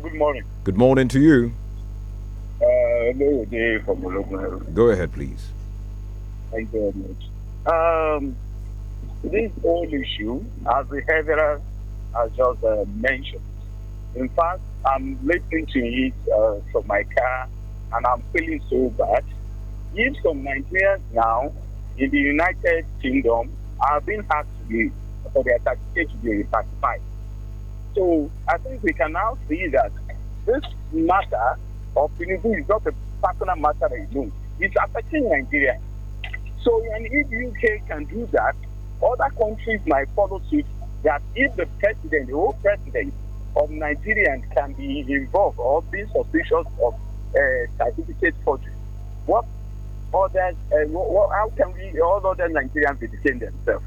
good morning. Good morning to you. Uh, hello, Dave from Ologun. Go ahead, please. Thank you very much. Um, this whole issue, as the have has just uh, mentioned, in fact, I'm listening to it uh, from my car and I'm feeling so bad. If some Nigerians now in the United Kingdom are being asked to be, for their certificate to be reclassified, so I think we can now see that this matter of Tinubu is not a personal matter alone. It's affecting Nigeria. So and if UK can do that, other countries might follow suit that if the president, the whole president of Nigeria can be involved or be suspicious of uh, certificate forgery, what others, uh, what, how can we, all other Nigerians be defending themselves?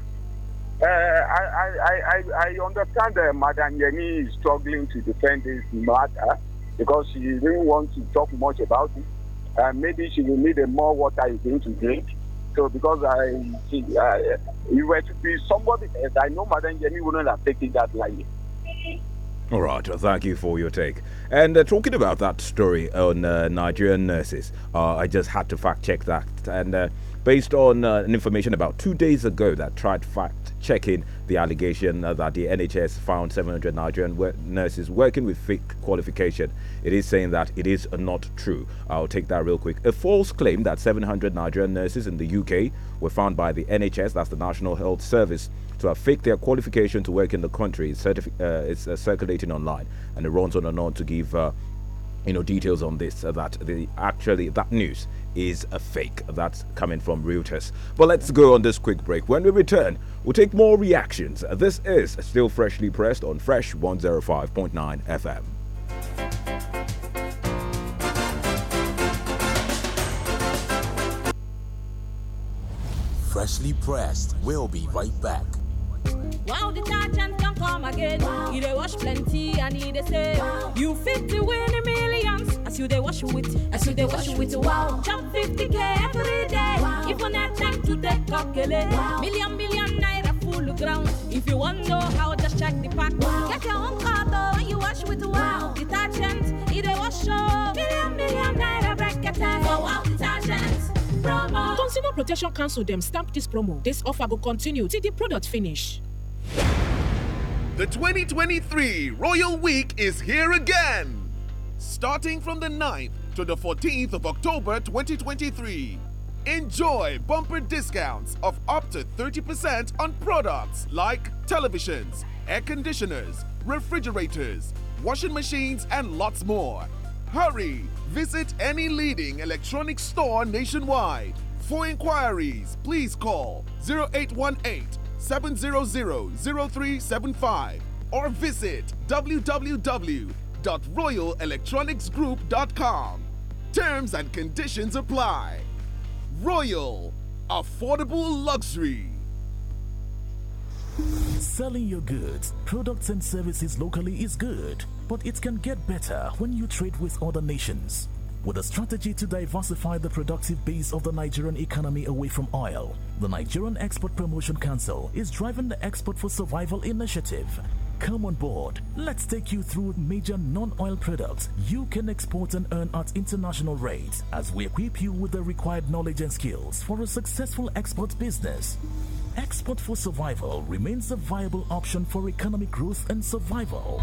Uh, I, I, I, I understand that Madam Yemi is struggling to defend this matter because she didn't want to talk much about it. Uh, maybe she will need a more water is going to drink. So because I, she, uh, you were to be somebody else, I know Madam Yemi wouldn't have taken that lightly. All right, thank you for your take. And uh, talking about that story on uh, Nigerian nurses, uh, I just had to fact check that. And uh, based on uh, information about two days ago that tried fact checking the allegation uh, that the NHS found 700 Nigerian nurses working with fake qualification. It is saying that it is not true. I'll take that real quick. A false claim that 700 Nigerian nurses in the UK were found by the NHS, that's the National Health Service, to have faked their qualification to work in the country is uh, uh, circulating online and it runs on and on to give. Uh, you know details on this uh, that the actually that news is a fake that's coming from Reuters. But let's go on this quick break. When we return, we'll take more reactions. Uh, this is still freshly pressed on Fresh 105.9 FM. Freshly pressed. We'll be right back. Wow, detergent can come again. Wow. You they wash plenty and need they say wow. you fit to win the millions. As you they wash with, as, as you they wash, with. Wow, jump 50k every day. Wow. If you not time to take calculate, wow. million million naira full ground. If you want know how, just check the pack. Wow. Get your own car though you wash with wow, wow. detergent. it they wash show oh. million million naira bracket. Wow, wow, detergent promo. Consumer Protection Council them stamp this promo. This offer will continue till the product finish. The 2023 Royal Week is here again. Starting from the 9th to the 14th of October 2023. Enjoy bumper discounts of up to 30% on products like televisions, air conditioners, refrigerators, washing machines, and lots more Hurry! Visit any leading electronics store nationwide. For inquiries, please call 0818 700 0375 or visit www.royalelectronicsgroup.com. Terms and conditions apply. Royal Affordable Luxury. Selling your goods, products, and services locally is good. But it can get better when you trade with other nations. With a strategy to diversify the productive base of the Nigerian economy away from oil, the Nigerian Export Promotion Council is driving the Export for Survival initiative. Come on board. Let's take you through major non oil products you can export and earn at international rates as we equip you with the required knowledge and skills for a successful export business. Export for Survival remains a viable option for economic growth and survival.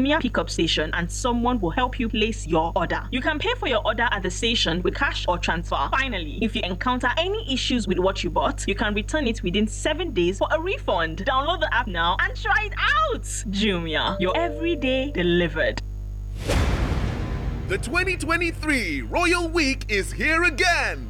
Jumia pickup station and someone will help you place your order. You can pay for your order at the station with cash or transfer. Finally, if you encounter any issues with what you bought, you can return it within 7 days for a refund. Download the app now and try it out. Jumia, your everyday delivered. The 2023 Royal Week is here again.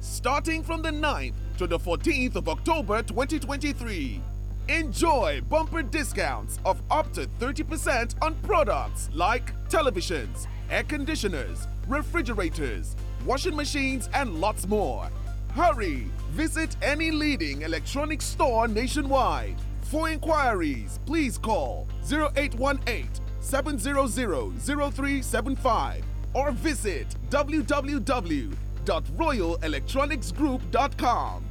Starting from the 9th to the 14th of October 2023. Enjoy bumper discounts of up to 30% on products like televisions, air conditioners, refrigerators, washing machines, and lots more. Hurry! Visit any leading electronics store nationwide. For inquiries, please call 0818 700 0375 or visit www.royalelectronicsgroup.com.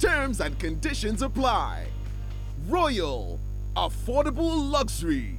Terms and conditions apply. Royal Affordable Luxury.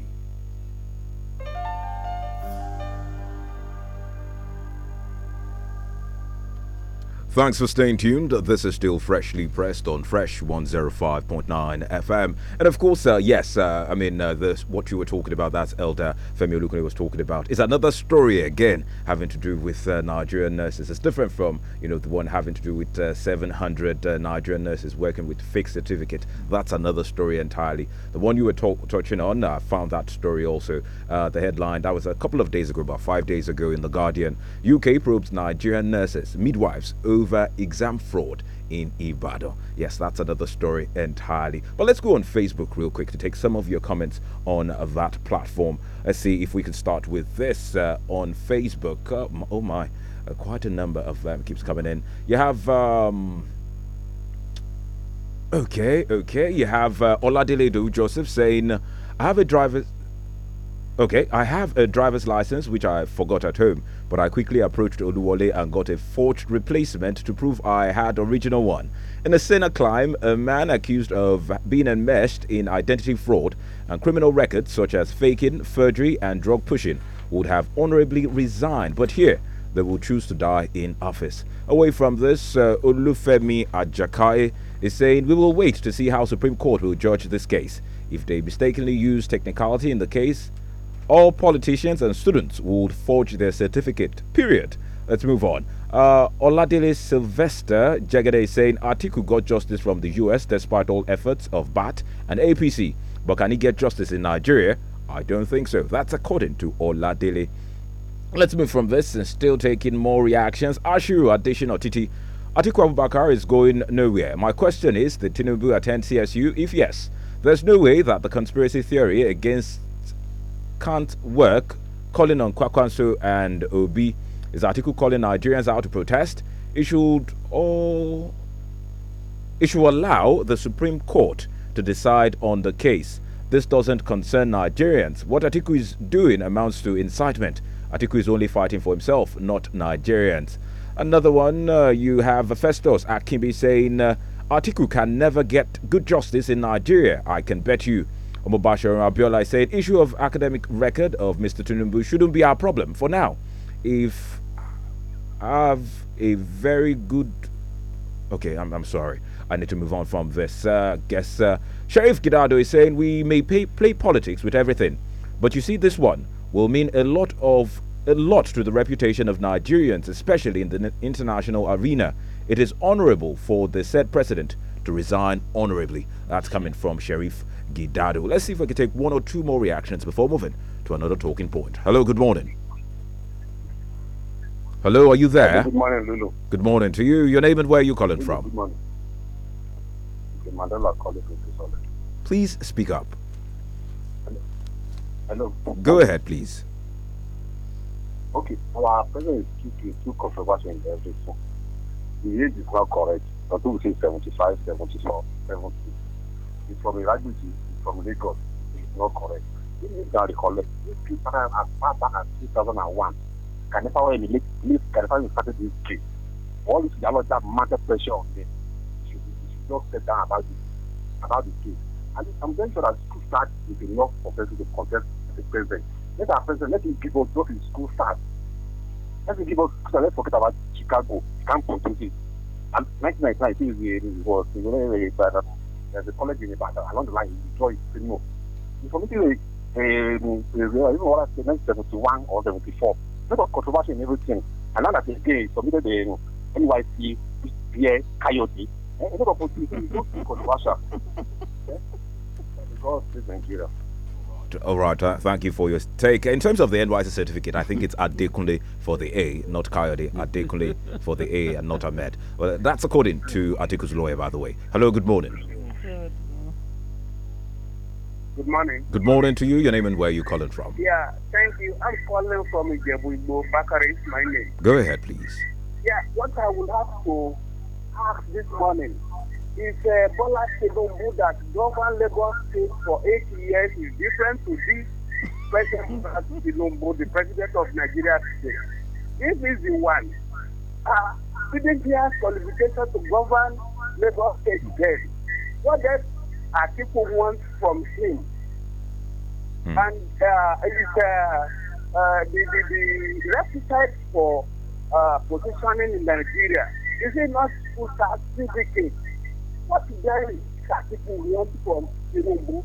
Thanks for staying tuned. This is still freshly pressed on Fresh 105.9 FM. And of course, uh, yes, uh, I mean, uh, this, what you were talking about, that's Elder Femi Olukone was talking about, is another story again having to do with uh, Nigerian nurses. It's different from, you know, the one having to do with uh, 700 uh, Nigerian nurses working with fake certificate. That's another story entirely. The one you were talk, touching on, I found that story also. the headline, that was a couple of days ago, about five days ago in The Guardian. UK probes Nigerian nurses, midwives over over exam fraud in Ibadan. Yes, that's another story entirely. But let's go on Facebook real quick to take some of your comments on that platform. Let's see if we can start with this uh, on Facebook. Oh uh, my, oh my. Uh, quite a number of them keeps coming in. You have. Um, Okay, okay. You have uh, Oladile Do Joseph saying, I have a driver's Okay, I have a driver's license which I forgot at home, but I quickly approached Oluwole and got a forged replacement to prove I had original one. In a sinner climb, a man accused of being enmeshed in identity fraud and criminal records such as faking, forgery, and drug pushing would have honorably resigned, but here they will choose to die in office. Away from this, uh, Olufemi Ajakai is saying we will wait to see how Supreme Court will judge this case. If they mistakenly use technicality in the case, all politicians and students would forge their certificate. Period. Let's move on. Uh, Oladele Sylvester Jagade is saying Atiku got justice from the US despite all efforts of BAT and APC. But can he get justice in Nigeria? I don't think so. That's according to Oladele. Let's move from this and still taking more reactions. Ashiru Addition Otiti. Atiku Abubakar is going nowhere. My question is Did Tinubu attend CSU? If yes, there's no way that the conspiracy theory against can't work, calling on Kwakwanso and Obi. His article calling Nigerians out to protest, it should all it should allow the Supreme Court to decide on the case. This doesn't concern Nigerians. What Atiku is doing amounts to incitement. Atiku is only fighting for himself, not Nigerians. Another one, uh, you have Festus Akimbi saying, uh, Atiku can never get good justice in Nigeria, I can bet you. Omobasha Abiola is saying, issue of academic record of Mr. Tinubu shouldn't be our problem for now. If I have a very good... Okay, I'm, I'm sorry. I need to move on from this. Uh, guess uh, Sheriff Gidado is saying, we may pay, play politics with everything. But you see, this one will mean a lot of a lot to the reputation of Nigerians, especially in the international arena. It is honorable for the said president to resign honorably. That's coming from Sheriff Gidado. Let's see if I can take one or two more reactions before moving to another talking point. Hello, good morning. Hello, are you there? Good morning, Lulu. Good morning to you. Your name and where are you calling from? Good morning. Okay, Mandela calling from Solid. Please speak up. Hello. Hello. Go ahead, please. Okay, our president is too, too controversial in everything. The age is not correct. Some people say 75, 74, 70. It's from a from Lagos is not correct. need to recollect, These people are as far back as 2001, Can Kanifawa emulate, Kanifawa started this case. All this dialogue that matter pressure on them. You should, you just sit down about this, about the case. And I'm very sure that school starts with enough professors to contest the president. Let our president, let these people us those school starts. Let him give us, let's forget about Chicago. He can't produce it. And 1999, I think, was, was, was, was, there's a college in Ibadan along the line, you draw it to know. It's something like, um, even what I said, 1971 or 74. There was controversy and everything. And now that again, submitted the um, NYC, Pierre, Coyote, eh, a lot of opportunities, controversial. God save All right, uh, thank you for your take. In terms of the NYC certificate, I think it's Adekunle for the A, not Coyote. Adekunle for the A and not Ahmed. Well, that's according to Atiku's lawyer, by the way. Hello, good morning. Good morning. Good morning to you. Your name and where you calling from? Yeah, thank you. I'm calling from Ijebuibo. Bakari is my name. Go ahead, please. Yeah, what I would have to ask this morning is uh, Bola Tinubu that govern Lagos State for eight years is different to this person Tinubu, the president of Nigeria today. This is the one. Uh, didn't he have qualification to govern Lagos State then? What does Atiku want from him. Mm. And uh, it is uh, uh, the, the, the requisite for uh, positioning in Nigeria. Is it not to certificate? What then Satiku want from Tinubu?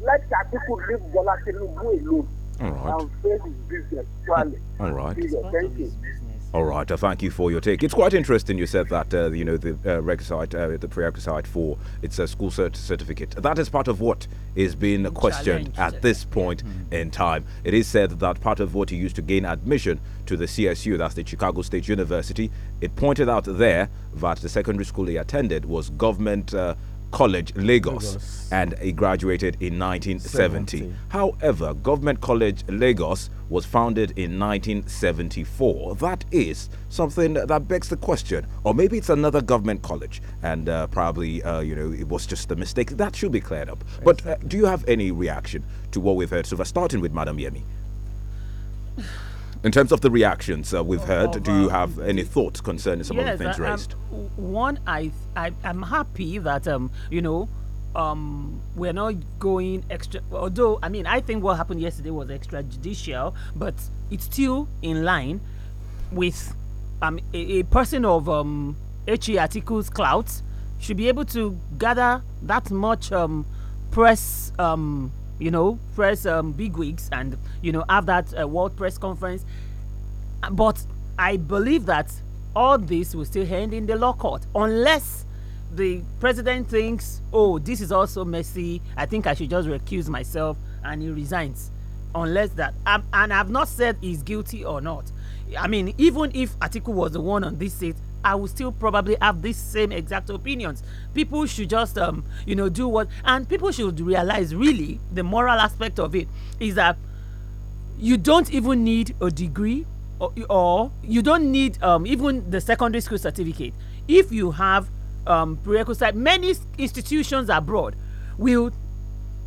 Let Satiku leave Bola Tinubu alone. All right. And face his business. All right. Thank you. All right, uh, thank you for your take. It's quite interesting you said that, uh, you know, the uh, requisite, uh, the prerequisite for its a uh, school cert certificate. That is part of what is being questioned at this point mm. in time. It is said that part of what you used to gain admission to the CSU, that's the Chicago State University, it pointed out there that the secondary school he attended was government uh, College, Lagos, Lagos, and he graduated in 1970. 70. However, Government College, Lagos was founded in 1974. That is something that begs the question, or maybe it's another government college, and uh, probably, uh, you know, it was just a mistake. That should be cleared up. Exactly. But uh, do you have any reaction to what we've heard so far, starting with Madam Yemi? In terms of the reactions uh, we've oh, heard, of, oh, do you have any mm. thoughts concerning some yes, of the things raised? one, I, I am happy that um, you know um, we're not going extra. Although I mean, I think what happened yesterday was extrajudicial, but it's still in line with um, a, a person of um, HE articles clout should be able to gather that much um, press um, you know, press um, weeks and, you know, have that uh, world press conference. But I believe that all this will still end in the law court unless the president thinks, oh, this is also messy. I think I should just recuse myself and he resigns. Unless that, um, and I've not said he's guilty or not. I mean, even if Atiku was the one on this seat, I will still probably have these same exact opinions. People should just, um, you know, do what, and people should realize really the moral aspect of it is that you don't even need a degree or, or you don't need um, even the secondary school certificate if you have um, prerequisite. Many institutions abroad will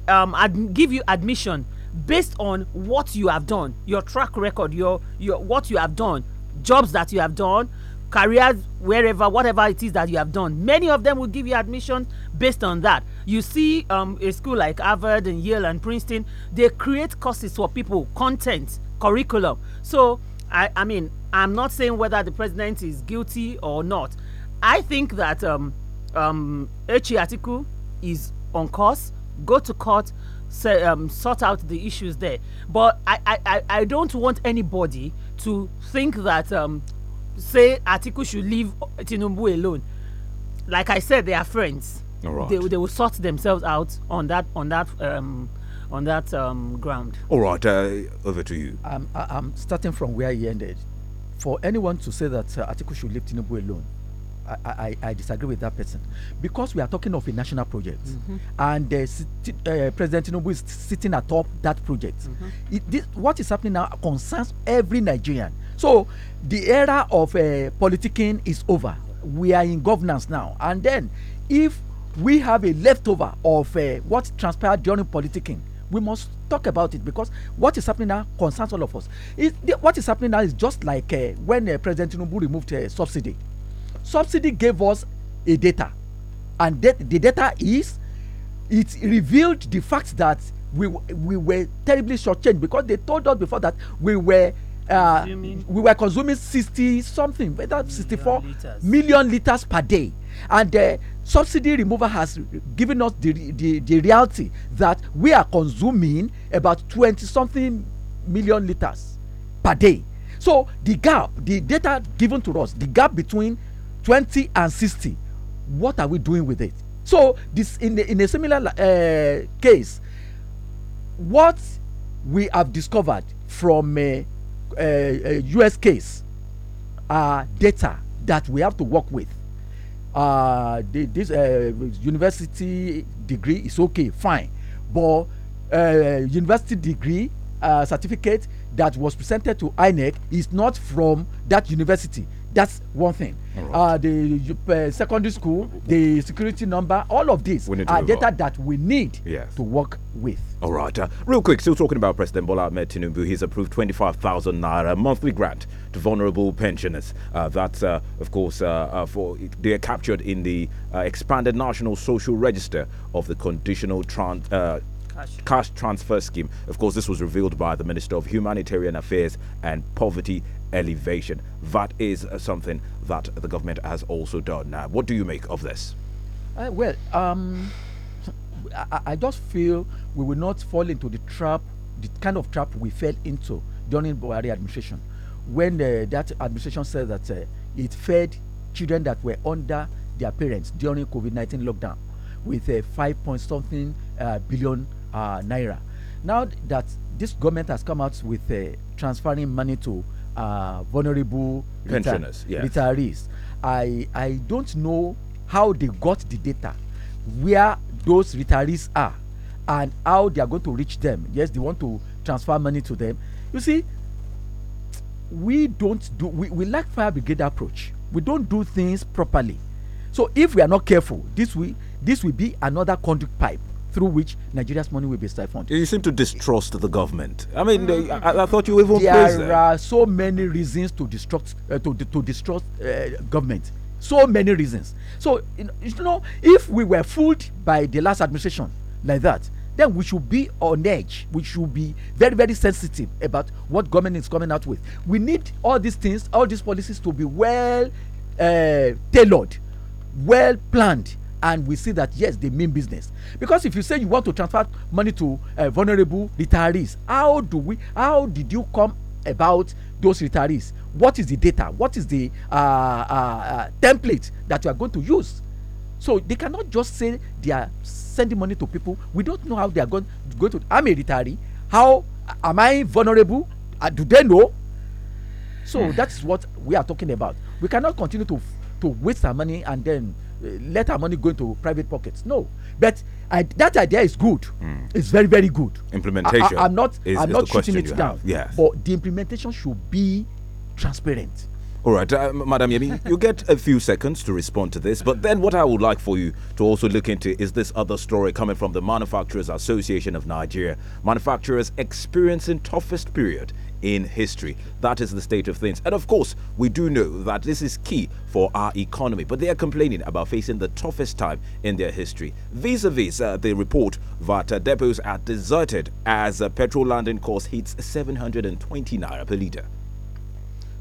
um, give you admission based on what you have done, your track record, your your what you have done, jobs that you have done, careers wherever whatever it is that you have done many of them will give you admission based on that you see um, a school like harvard and yale and princeton they create courses for people content curriculum so i i mean i'm not saying whether the president is guilty or not i think that um um is on course go to court say, um, sort out the issues there but I, I i don't want anybody to think that um say Atiku should leave Tinubu alone. Like I said, they are friends. Right. They, they will sort themselves out on that on that um, on that um, ground. All right, uh, over to you. I'm, I'm starting from where he ended. For anyone to say that uh, Atiku should leave Tinubu alone, I, I, I, disagree with that person because we are talking of a national project mm -hmm. and uh, uh, President Tinubu is sitting atop that project. Mm -hmm. it, this, what is happening now concerns every Nigerian. So the era of uh, politicking is over. We are in governance now. And then, if we have a leftover of uh, what transpired during politicking, we must talk about it because what is happening now concerns all of us. It, the, what is happening now is just like uh, when uh, President Tinubu removed uh, subsidy. Subsidy gave us a data, and that the data is it revealed the fact that we we were terribly shortchanged because they told us before that we were uh, we were consuming 60 something whether 64 million liters. million liters per day and the subsidy removal has given us the, the, the reality that we are consuming about 20 something million liters per day so the gap the data given to us the gap between 20 and 60 what are we doing with it so this in, the, in a similar uh, case what we have discovered from uh, US uh, uh, case are uh, data that we have to work with. Uh, the, this uh, university degree is okay, fine, but uh, university degree certificate that was presented to INEC is not from that university. That's one thing. Right. the secondary school, the security number, all of these are data that we need yes. to work with. All right. Uh, real quick, still talking about President Bola Ahmed Tinubu. He's approved 25,000 naira monthly grant to vulnerable pensioners. Uh, that's, uh, of course, uh, uh, for they are captured in the uh, expanded National Social Register of the Conditional cash transfer scheme. Of course, this was revealed by the Minister of Humanitarian Affairs and Poverty Elevation. That is something that the government has also done. Now, what do you make of this? Uh, well, um, I, I just feel we will not fall into the trap, the kind of trap we fell into during Buhari administration, when uh, that administration said that uh, it fed children that were under their parents during COVID-19 lockdown with a uh, five point something uh, billion uh, naira. Now that this government has come out with uh, transferring money to vulnerable pensioners, yes. retirees, I I don't know how they got the data, where those retirees are and how they are going to reach them. Yes, they want to transfer money to them. You see, we don't do we, we lack fire brigade approach. We don't do things properly. So if we are not careful, this will this will be another conduit pipe through which Nigeria's money will be siphoned. You seem to distrust the government. I mean, mm. I, I, thought you even there are so many reasons to distrust uh, to to distrust uh, government. So many reasons. So, you know, if we were fooled by the last administration like that, then we should be on edge. We should be very, very sensitive about what government is coming out with. We need all these things, all these policies to be well uh, tailored, well planned, and we see that yes, they mean business. Because if you say you want to transfer money to uh, vulnerable retirees, how do we? How did you come about those retirees what is the data what is the uh, uh, uh, template that you are going to use so they cannot just say they are sending money to people we don't know how they are going, going to i'm a retiree how uh, am i vulnerable uh, do they know so that is what we are talking about we cannot continue to to waste our money and then let our money go into private pockets. No, but I, that idea is good. Mm. It's very very good. Implementation. I, am not. Is, I'm is not shooting it down. Yes. But the implementation should be transparent. All right, uh, Madam Yemi, you get a few seconds to respond to this. But then, what I would like for you to also look into is this other story coming from the Manufacturers Association of Nigeria. Manufacturers experiencing toughest period in history. That is the state of things. And of course, we do know that this is key for our economy, but they are complaining about facing the toughest time in their history. Vis a vis uh, the report that uh, depots are deserted as uh, petrol landing cost hits 720 naira per litre.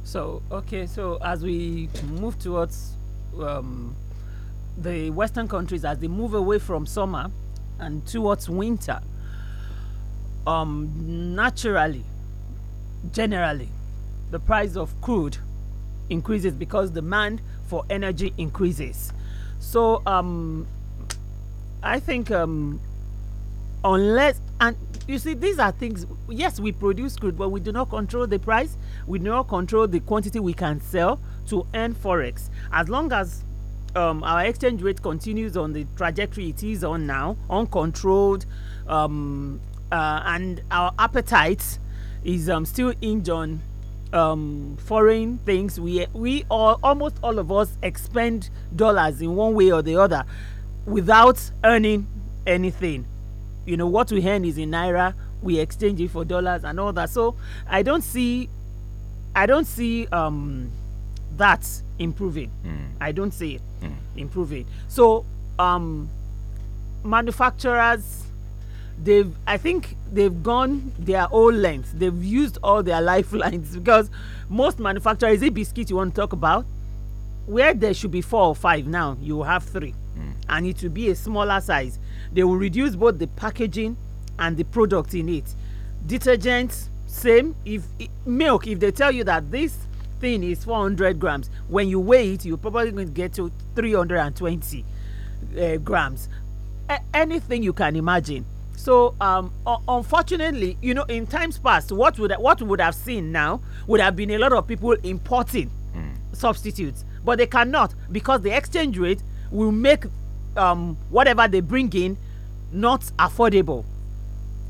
So, okay, so as we move towards um, the Western countries, as they move away from summer and towards winter, um, naturally, Generally, the price of crude increases because demand for energy increases. So um, I think um, unless and you see these are things yes we produce crude but we do not control the price we do not control the quantity we can sell to earn forex as long as um, our exchange rate continues on the trajectory it is on now uncontrolled um, uh, and our appetite is um, still hinged on um, foreign things. We we all almost all of us expend dollars in one way or the other without earning anything. You know what we earn is in naira. We exchange it for dollars and all that. So I don't see, I don't see um, that improving. Mm. I don't see it mm. improving. So um, manufacturers they've i think they've gone their whole length they've used all their lifelines because most manufacturers a biscuit you want to talk about where there should be four or five now you have three mm. and it will be a smaller size they will reduce both the packaging and the product in it detergent same if milk if they tell you that this thing is 400 grams when you weigh it you're probably going to get to 320 uh, eh, grams a anything you can imagine so um, unfortunately, you know, in times past, what would what would have seen now would have been a lot of people importing mm. substitutes, but they cannot because the exchange rate will make um, whatever they bring in not affordable.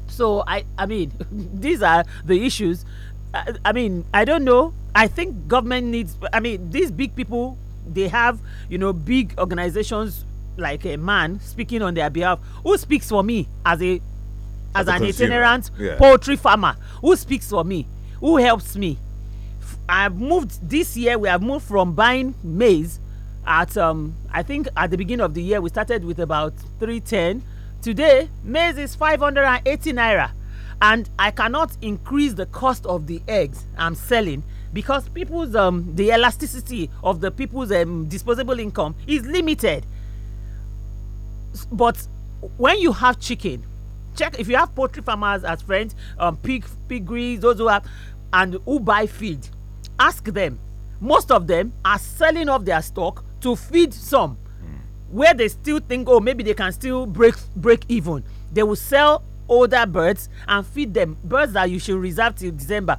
So I I mean, these are the issues. I, I mean, I don't know. I think government needs. I mean, these big people they have you know big organizations like a man speaking on their behalf who speaks for me as a as, as an itinerant yeah. poultry farmer who speaks for me who helps me i've moved this year we have moved from buying maize at um i think at the beginning of the year we started with about 310 today maize is 580 naira and i cannot increase the cost of the eggs i'm selling because people's um the elasticity of the people's um, disposable income is limited but when you have chicken check if you have poultry farmers as friends um, pig piggeries those who have and who buy feed ask them most of them are selling off their stock to feed some mm. where they still think oh maybe they can still break break even they will sell older birds and feed them birds that you should reserve till december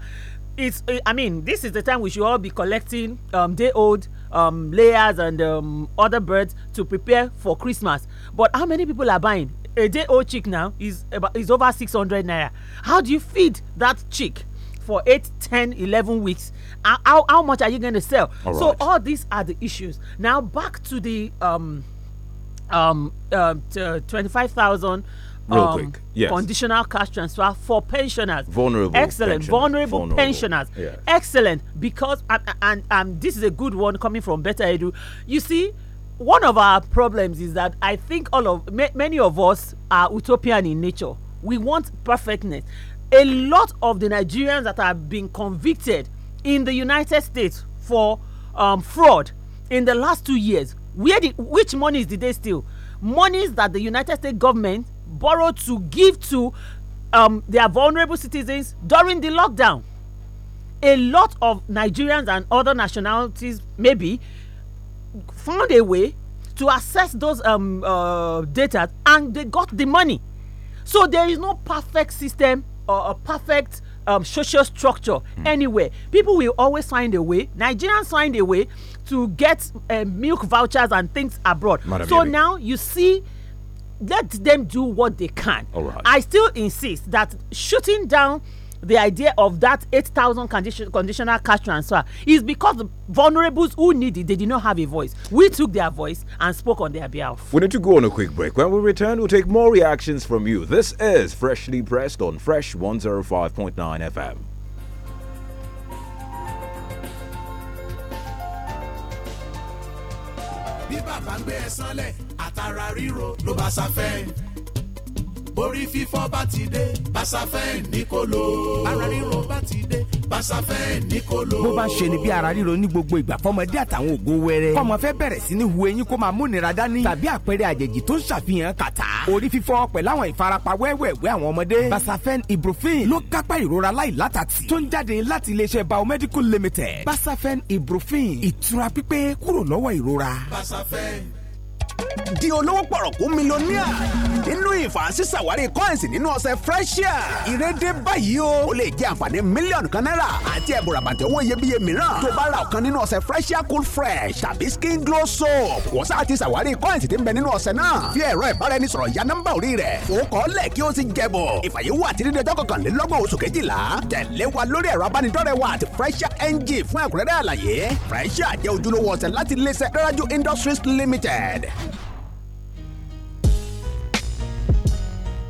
it's eh, i mean this is the time we should all be collecting um, day old um, layers and um, other birds to prepare for christmas but how many people are buying? A day old chick now is about, is over 600 naira. How do you feed that chick for 8, 10, 11 weeks? How, how much are you going to sell? so all these are the issues. Now back to the um um, um uh, 25,000 real um, quick. Yes. Conditional cash transfer for pensioners. Vulnerable. Excellent. Vulnerable, Vulnerable, pensioners. Yeah. Excellent. Because and, and, and this is a good one coming from Better Edu. You see, one of our problems is that I think all of ma many of us are utopian in nature. We want perfectness. A lot of the Nigerians that have been convicted in the United States for um, fraud in the last two years, where did, which monies did they steal? Monies that the United States government borrowed to give to um, their vulnerable citizens during the lockdown. A lot of Nigerians and other nationalities, maybe, found a way to access those um, uh, data and they got the money. So there is no perfect system or a perfect um, social structure mm. anywhere. People will always find a way. Nigerians find a way to get uh, milk vouchers and things abroad. Madam so Yemi. now you see, let them do what they can. All right. I still insist that shooting down the idea of that 8,000 condition, conditional cash transfer is because the vulnerables who need it, they did not have a voice. We took their voice and spoke on their behalf. We need to go on a quick break. When we return, we'll take more reactions from you. This is Freshly Pressed on Fresh 105.9 FM. bí bàbá ń gbé ẹ sanlẹ̀ àtàrà ríro ló bá orí fífọ́ bá ti dé Basafen ní kò lò. ara ríro bá ti dé Basafen ní kò lò. bó bá ṣe ni bí ara ríro ní gbogbo ìgbà fọmọdé àtàwọn ògo wẹrẹ fọmọ fẹ́ bẹ̀rẹ̀ sí ní hu eyín kó máa múnira dání tàbí àpẹẹrẹ àjèjì tó ń ṣàfihàn kàtà orí fífọ́ pẹ̀lú àwọn ìfarapa wẹ́wẹ́wẹ́ àwọn ọmọdé Basafen ibuprofen ló kápá ìrora láì látàtì tó ń jáde láti iléeṣẹ́ biomedical limited Basafen ibuprofen ìtura pípé kúrò lọ́wọ́ ìrora. Basafen di olówó pọ̀rọ̀kú mílíọ̀nìà nínú ìfàǹsí ṣàwárí coins nínú ọṣẹ freshia ìrédé báyìí o ó lè jẹ àǹfààní mílíọ̀nù kan náírà àti ẹ̀bùn ràbàtẹ̀ owó iyebíye mìíràn tó bá ra ọ̀kan nínú ọṣẹ freshia cool fresh tàbí skin glow soap wọ́n sá ti ṣàwárí coins tí ń bẹ nínú ọṣẹ náà fi ẹ̀rọ ìbáraẹnisọ̀rọ̀ ya nọ́mbà orí rẹ̀ ó kọ́ lẹ̀ kí ó sì jẹ̀bọ̀ ìfàyẹ̀wò àti dídé ọjọ́ kọkànlélọ́gbọ̀n oṣù kejìlá tẹ̀lé wa lórí ẹ̀rọ abánidọ́rẹ̀ wa àti freshia ng fún ẹ̀kúnrẹ́rẹ́ àlàyé freshia jẹ́ ojúlówó ọṣẹ láti Industries Limited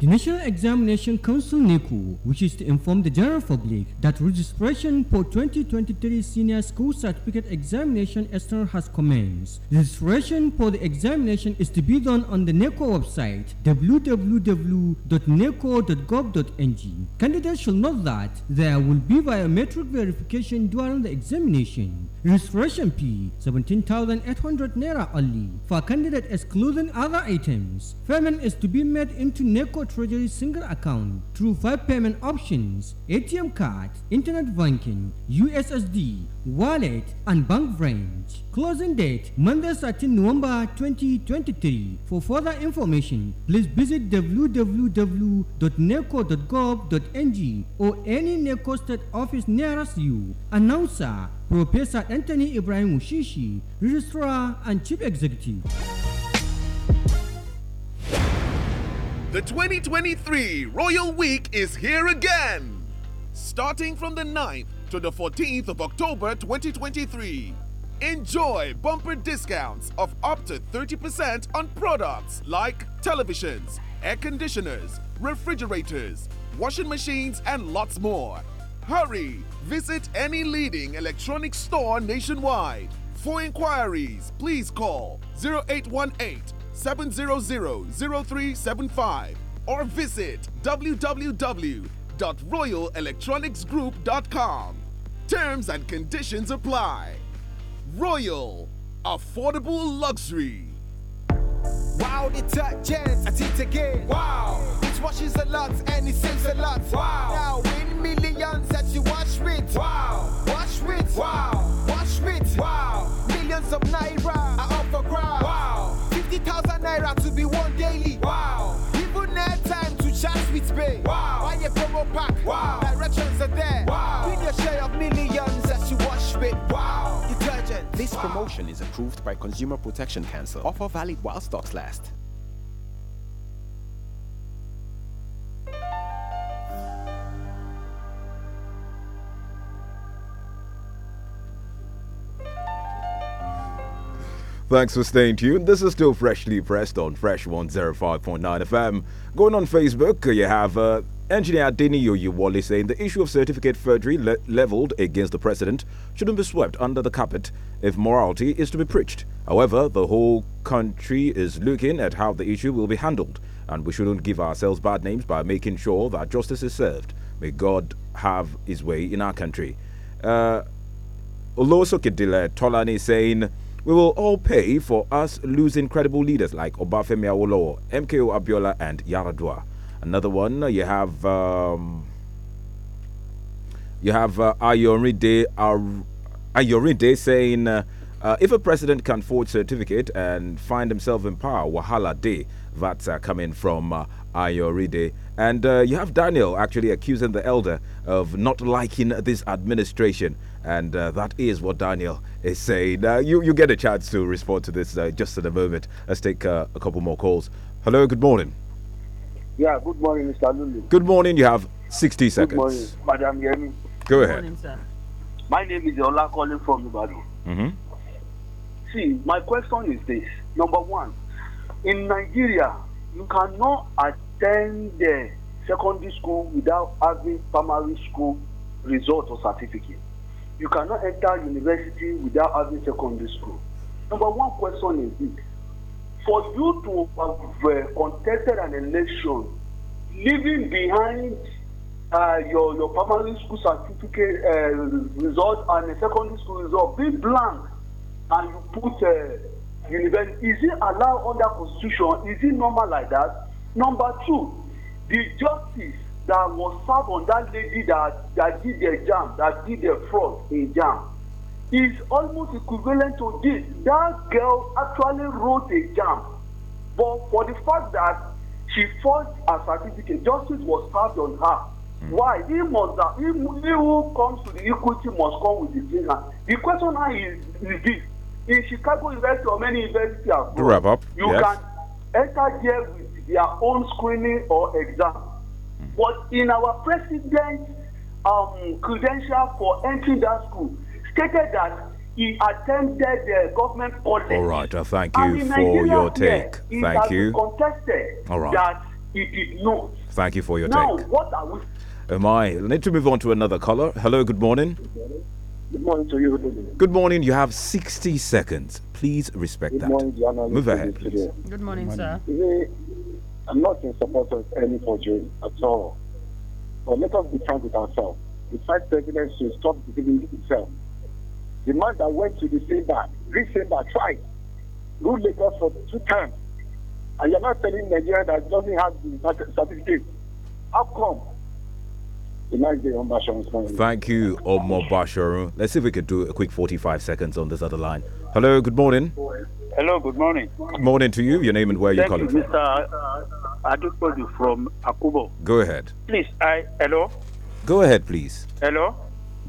The National Examination Council NECO wishes to inform the general public that registration for 2023 Senior School Certificate Examination External has commenced. Registration for the examination is to be done on the NECO website www.neco.gov.ng. Candidates should note that there will be biometric verification during the examination. Registration fee 17,800 naira only for candidate excluding other items. Payment is to be made into NECO Treasury single account through five payment options, ATM card, internet banking, USSD, wallet, and bank branch. Closing date, Monday 13 November 2023. For further information, please visit www.neco.gov.ng or any NECO state office nearest you. Announcer, Professor Anthony Ibrahim Ushishi, Registrar and Chief Executive. The 2023 Royal Week is here again! Starting from the 9th to the 14th of October 2023. Enjoy bumper discounts of up to 30% on products like televisions, air conditioners, refrigerators, washing machines, and lots more. Hurry! Visit any leading electronics store nationwide. For inquiries, please call 0818 Seven zero zero zero three seven five or visit www.royalelectronicsgroup.com. Terms and conditions apply. Royal Affordable Luxury. Wow, detergent, I it again. Wow, it washes a lot and it saves a lot. Wow, now win millions that you wash with. Wow, wash with. Wow, wash with. Wow, millions of naira are up for grabs. Wow naira to be daily. Wow. time to with Wow. Buy promo pack. Wow. Directions are there. Wow. Win your share of millions as you wash with. Wow. Detergent. This wow. promotion is approved by Consumer Protection Council. Offer valid while stocks last. Thanks for staying tuned. This is still freshly pressed on Fresh 105.9 FM. Going on Facebook, you have uh, Engineer Dini Oyewole saying the issue of certificate forgery le leveled against the president shouldn't be swept under the carpet if morality is to be preached. However, the whole country is looking at how the issue will be handled, and we shouldn't give ourselves bad names by making sure that justice is served. May God have His way in our country. Uh, Olosokidile Tolani saying. We will all pay for us losing credible leaders like Obafemi Awolowo, MKO Abiola, and Yaradua. Another one, uh, you have um, you have uh, Ayoride, Ayoride saying, uh, uh, if a president can forge certificate and find himself in power, wahala day. That's uh, coming from uh, Ayoride. And uh, you have Daniel actually accusing the elder of not liking this administration. And uh, that is what Daniel is saying. Uh, you, you get a chance to respond to this uh, just in a moment. Let's take uh, a couple more calls. Hello, good morning. Yeah, good morning, Mr. Lulu. Good morning. You have 60 seconds. Good morning, Madam Yemi. Go good ahead. Morning, my name is Ola calling from Ibadan. Mm -hmm. See, my question is this. Number one, in Nigeria, you cannot attend the secondary school without having primary school result or certificate you cannot enter university without having secondary school. Number one question is this. For you to have uh, contested an election, leaving behind uh, your, your primary school certificate uh, result and a secondary school result be blank and you put uh, university is it allowed under constitution is it normal like that number two the justice that was served on that lady that that did the jam that did the fraud in jam is almost equivalent to this that girl actually wrote a jam but for the fact that she forged her certificate justice was served on her hmm. why he must have he, he who comes to the equity must come with the clean hand the question now is is this in chicago university or many universities abroad you yes. can enter there with their own screening or exam but in our president's um, credential for entering that school, stated that he attended the government college. All right, uh, thank you for your take. Thank you. Contested All right. That he did not. Thank you for your now, take. Now, what are we? Am I? Need to move on to another caller. Hello, good morning. Good morning to you. Good morning. You have 60 seconds. Please respect good that. Morning, Move ahead. Good morning, good morning, sir. I'm not in support of any forgery at all. But let us be frank with ourselves. The vice president should stop deceiving himself. The man that went to the same bar, this same bar tried, ruled Lagos for two times. And you're not telling Nigeria that doesn't have the certificate. How come? Thank you, Omar Basharun. Let's see if we can do a quick 45 seconds on this other line. Hello, good morning. Hello, good morning. Good morning to you. Your name and where you're calling you, from. Mr. you uh, from Akubo. Go ahead. Please, I. Hello? Go ahead, please. Hello?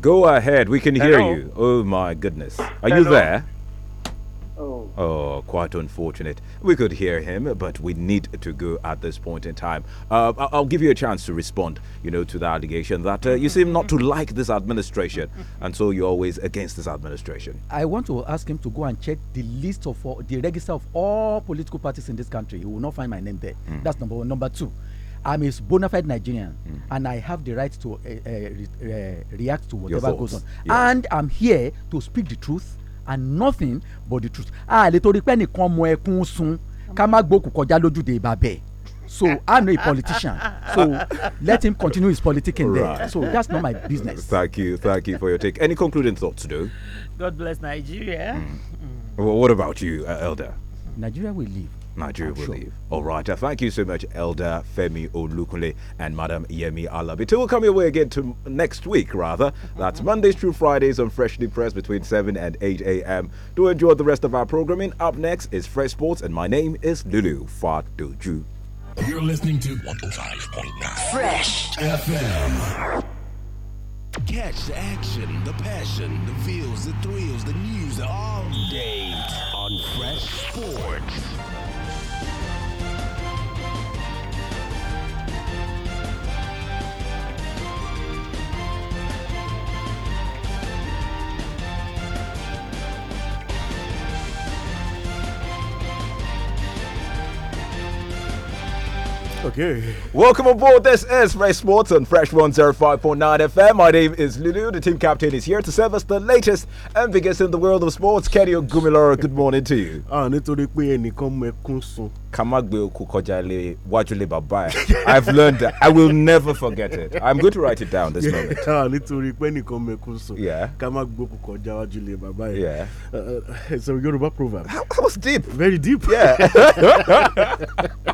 Go ahead. We can hear hello? you. Oh, my goodness. Are hello? you there? Oh. Oh, quite unfortunate. We could hear him, but we need to go at this point in time. Uh, I'll give you a chance to respond, you know, to the allegation that uh, you seem not to like this administration, and so you're always against this administration. I want to ask him to go and check the list of all the register of all political parties in this country. He will not find my name there. Mm. That's number one. Number two. I'm a bona fide Nigerian mm. and I have the right to uh, uh, re uh, react to whatever goes on. And I'm here to speak the truth and nothing but the truth a lè torí pé nìkan mọ ẹkún sun ká má gbókù kọjá lójúde ìbàbẹ̀ so I know a politician so let him continue his politicking right. there so that's not my business. thank you thank you for your take any concluding thoughts though. god bless nigeria. Mm. Mm. Well, what about you uh, elder. nigeria will live Nigeria will sure. leave. All right. Uh, thank you so much, Elder Femi Olukunle and Madam Yemi Alabita. We'll come your way again to next week, rather. That's mm-hmm. Mondays through Fridays on Freshly Pressed between 7 and 8 a.m. Do enjoy the rest of our programming. Up next is Fresh Sports, and my name is Lulu Fadoju. You're listening to 105.9 Fresh FM. Catch the action, the passion, the feels, the thrills, the news all day on Fresh Sports. Okay. Welcome aboard. This is Ray Sports on Fresh 105.9 FM. My name is Lulu. The team captain is here to serve us the latest and biggest in the world of sports. Kenny Ogumiloro, good morning to you. Ah, ká má gbé bàbá i've learned that i will never forget it i'm going to write it down this moment. ta ah, nítorí pé nìkan mẹ́kún sùn ká má gbé bàbá it's a Yoruba proverb. that was deep. very deep. Yeah.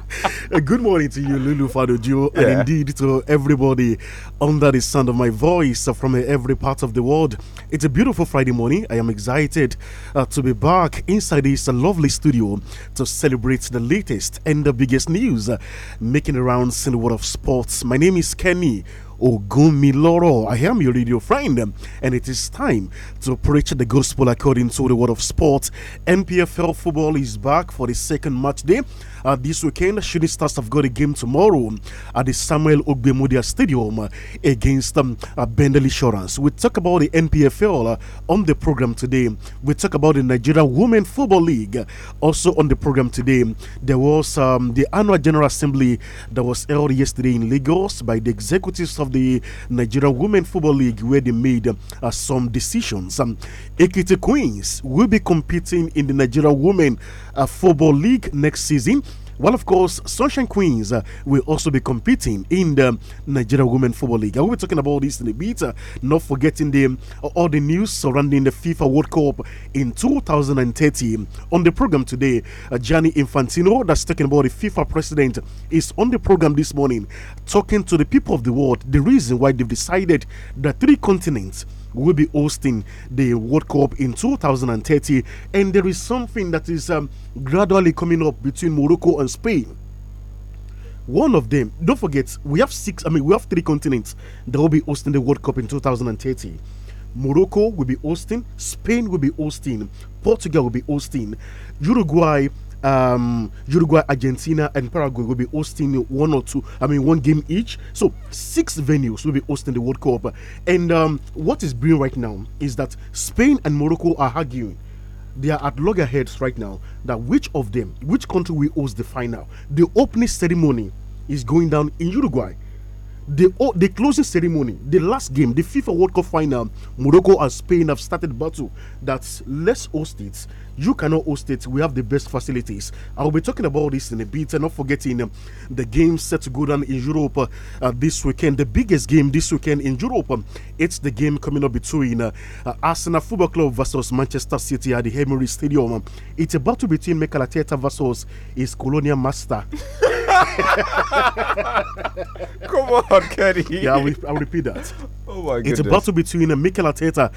Eh, good morning to you, Lulu Fadojo, oh, yeah. and indeed to everybody under the sound of my voice uh, from uh, every part of the world. It's a beautiful Friday morning. I am excited uh, to be back inside this uh, lovely studio to celebrate the late latest and the biggest news uh, making rounds in the world of sports. My name is Kenny Ogumiloro. I am your radio friend, um, and it is time to preach the gospel according to the world of sports. NPFL football is back for the second match day uh, this weekend. Shooting Stars have got a game tomorrow at the Samuel Ogbemudia Stadium uh, against um, uh, Bendel Insurance. We talk about the NPFL uh, on the program today. We talk about the Nigeria Women Football League also on the program today. There was um, the annual General Assembly that was held yesterday in Lagos by the executives of the Nigeria Women Football League where they made uh, some decisions. Um, Ekiti Queens will be competing in the Nigeria Women uh, Football League next season. Well, of course, Sunshine Queens uh, will also be competing in the Nigeria Women Football League. I will be talking about this in a bit, uh, not forgetting the, uh, all the news surrounding the FIFA World Cup in 2030. On the program today, uh, Gianni Infantino, that's talking about the FIFA president, is on the program this morning talking to the people of the world the reason why they've decided that three continents will be hosting the World Cup in 2030. And there is something that is um, gradually coming up between Morocco and Spain. One of them, don't forget, we have six, I mean, we have three continents that will be hosting the World Cup in 2030. Morocco will be hosting, Spain will be hosting, Portugal will be hosting, Uruguay um, Uruguay, Argentina, and Paraguay will be hosting one or two, I mean, one game each. So, six venues will be hosting the World Cup. And um, what is brewing right now is that Spain and Morocco are arguing. They are at loggerheads right now that which of them, which country will host the final. The opening ceremony is going down in Uruguay the oh, the closing ceremony, the last game, the FIFA World Cup final, Morocco and Spain have started battle. That let's host it. You cannot host it. We have the best facilities. I will be talking about this in a bit. And not forgetting um, the game set to go down in Europe uh, uh, this weekend. The biggest game this weekend in Europe. Um, it's the game coming up between uh, uh Arsenal Football Club versus Manchester City at the Emirates Stadium. Um, it's a battle between Mekalateta versus his colonial master. Come on, Kenny. Yeah, I will, I will repeat that. Oh my goodness. It's a battle between uh, Mikel Arteta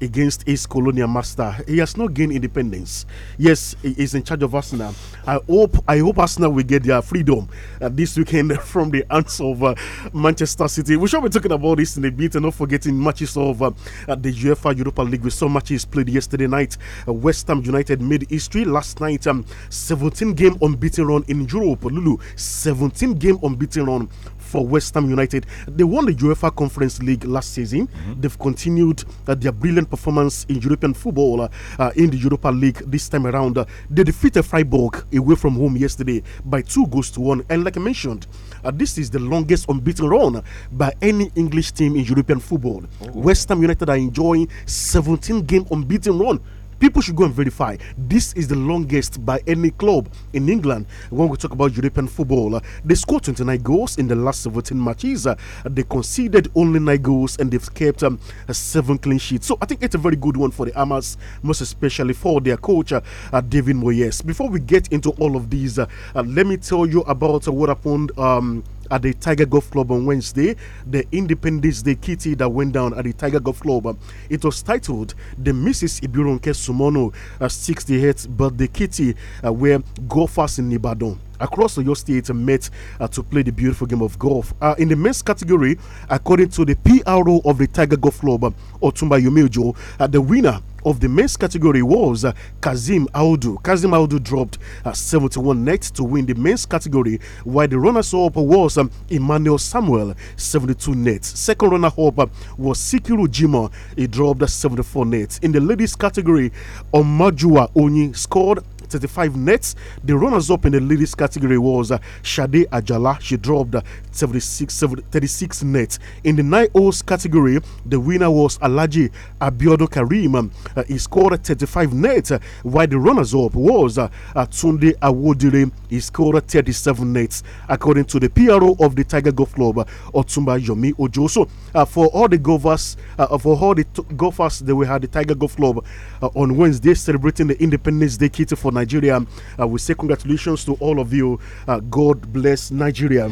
against his colonial master. He has not gained independence. Yes, he is in charge of Arsenal. I hope I hope Arsenal will get their freedom uh, this weekend from the hands of uh, Manchester City. We shall be talking about this in a bit and not forgetting matches of uh, the UEFA Europa League. We saw matches played yesterday night. Uh, West Ham United made history last night. Um, 17 game unbeaten run in Europe. Lulu 17 game unbeaten run for West Ham United. They won the UEFA Conference League last season. Mm -hmm. They've continued uh, their brilliant performance in European football uh, uh, in the Europa League this time around. Uh, they defeated Freiburg away from home yesterday by two goals to one. And like I mentioned, uh, this is the longest unbeaten run by any English team in European football. Oh. West Ham United are enjoying 17 game unbeaten run people should go and verify. This is the longest by any club in England. When we talk about European football, uh, they scored 29 goals in the last 17 matches. Uh, they conceded only 9 goals and they've kept um, 7 clean sheets. So I think it's a very good one for the Amas, most especially for their coach, uh, David Moyes. Before we get into all of these, uh, uh, let me tell you about what happened. Um, at the Tiger Golf Club on Wednesday, the Independence Day kitty that went down at the Tiger Golf Club. It was titled the Mrs. Ibirunke Sumono uh, 68th Birthday Kitty, uh, where golfers in Ibadan across your state met uh, to play the beautiful game of golf. Uh, in the men's category, according to the PRO of the Tiger Golf Club, Otumba Yumejo, uh, the winner of the men's category was uh, Kazim Audu. Kazim Audu dropped uh, 71 nets to win the men's category, while the runner up was um, Emmanuel Samuel, 72 nets. Second runner up uh, was Sikiru Jima, he dropped uh, 74 nets. In the ladies category, Omajua Oni scored 35 nets. The runners up in the ladies category was uh, Shade Ajala. She dropped uh, 76, 36 nets. In the 9 holes category, the winner was Alaji Abiodo Karim. Um, uh, he scored 35 nets, uh, while the runners up was uh, Tunde Awodire. He scored 37 nets, according to the PRO of the Tiger Golf Club, uh, Otumba Yomi Ojo. So, uh, for all the golfers, uh, for all the golfers that we had the Tiger Golf Club uh, on Wednesday celebrating the Independence Day kitty for Nigeria. Uh, we say congratulations to all of you. Uh, God bless Nigeria.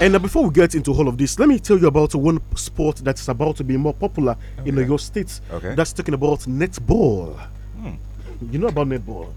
And uh, before we get into all of this, let me tell you about one sport that's about to be more popular okay. in your state. Okay. That's talking about netball. Hmm. You know about netball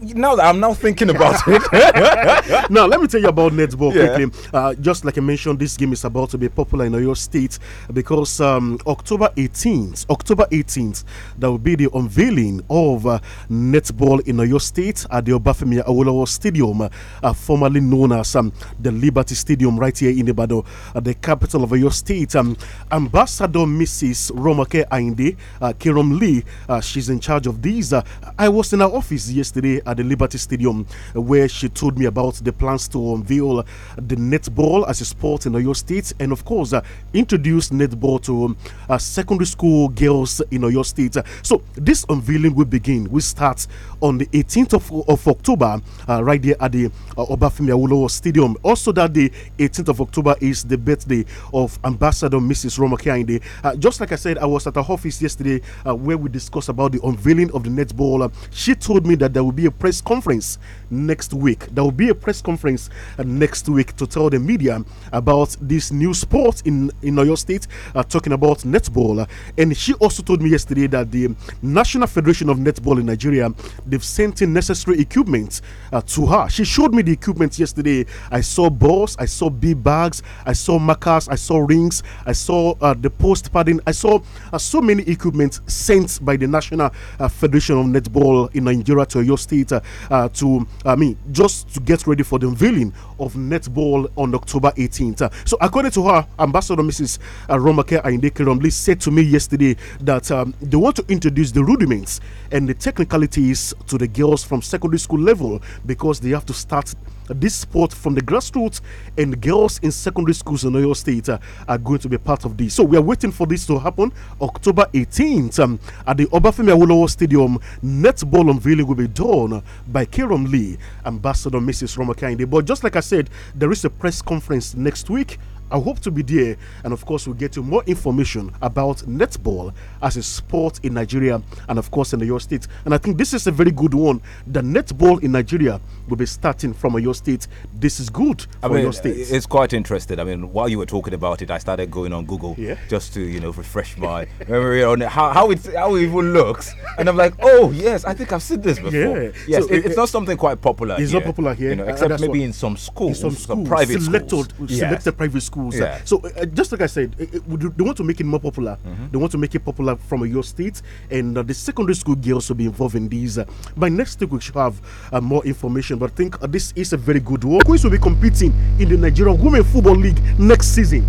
now that I'm now thinking about it. now, let me tell you about netball yeah. quickly. Uh, just like I mentioned, this game is about to be popular in your State because um, October 18th, October 18th, that will be the unveiling of uh, netball in your State at the Obafemi Awolowo Stadium, uh, formerly known as um, the Liberty Stadium, right here in Ibadan, uh, the capital of your State. Um, Ambassador Mrs. Romake Ainde, uh, Kiram Lee, uh, she's in charge of these. Uh, I was in her office yesterday at the Liberty Stadium, where she told me about the plans to unveil the netball as a sport in Oyo State and, of course, uh, introduce netball to um, uh, secondary school girls in Oyo State. So, this unveiling will begin. We start on the 18th of, of October, uh, right there at the uh, Obafemi Awolowo Stadium. Also, that day, 18th of October, is the birthday of Ambassador Mrs. Roma Kiande. Uh, just like I said, I was at her office yesterday uh, where we discussed about the unveiling of the netball. Uh, she told me that there will be a press conference next week. There will be a press conference uh, next week to tell the media about this new sport in, in Oyo State, uh, talking about netball. And she also told me yesterday that the National Federation of Netball in Nigeria, they've sent in necessary equipment uh, to her. She showed me the equipment yesterday. I saw balls, I saw bee bags, I saw markers, I saw rings, I saw uh, the post padding, I saw uh, so many equipment sent by the National uh, Federation of Netball in Nigeria to Oyo State uh, uh, to, I mean, just to get ready for the unveiling of netball on October 18th. Uh, so, according to her, Ambassador Mrs. Uh, Romake Ainde said to me yesterday that um, they want to introduce the rudiments and the technicalities to the girls from secondary school level because they have to start this sport from the grassroots, and girls in secondary schools in Oyo State uh, are going to be part of this. So we are waiting for this to happen October 18th um, at the Obafemi Awolowo Stadium. Netball unveiling will be done by Kieran Lee, Ambassador Mrs. Romakinde. But just like I said, there is a press conference next week I hope to be there, and of course, we'll get you more information about netball as a sport in Nigeria and, of course, in your state. And I think this is a very good one. The netball in Nigeria will be starting from your state. This is good I for mean, your state. It's quite interesting. I mean, while you were talking about it, I started going on Google yeah. just to you know refresh my memory on it, how, how it how it even looks, and I'm like, oh yes, I think I've seen this before. Yeah. Yes, so it, it's not something quite popular. It's here, not popular here, you know, except maybe in some schools, in some, schools, some private selected, schools. selected yes. private schools schools. Yeah. So uh, uh, just like I said, it, uh, it, uh, they want to make it more popular. Mm -hmm. They want to make it popular from your state, and uh, the secondary school girls will be involved in these. Uh, by next week, we should have more information. But I think this is a very good work. Queens will be competing in the Nigerian Women Football League next season.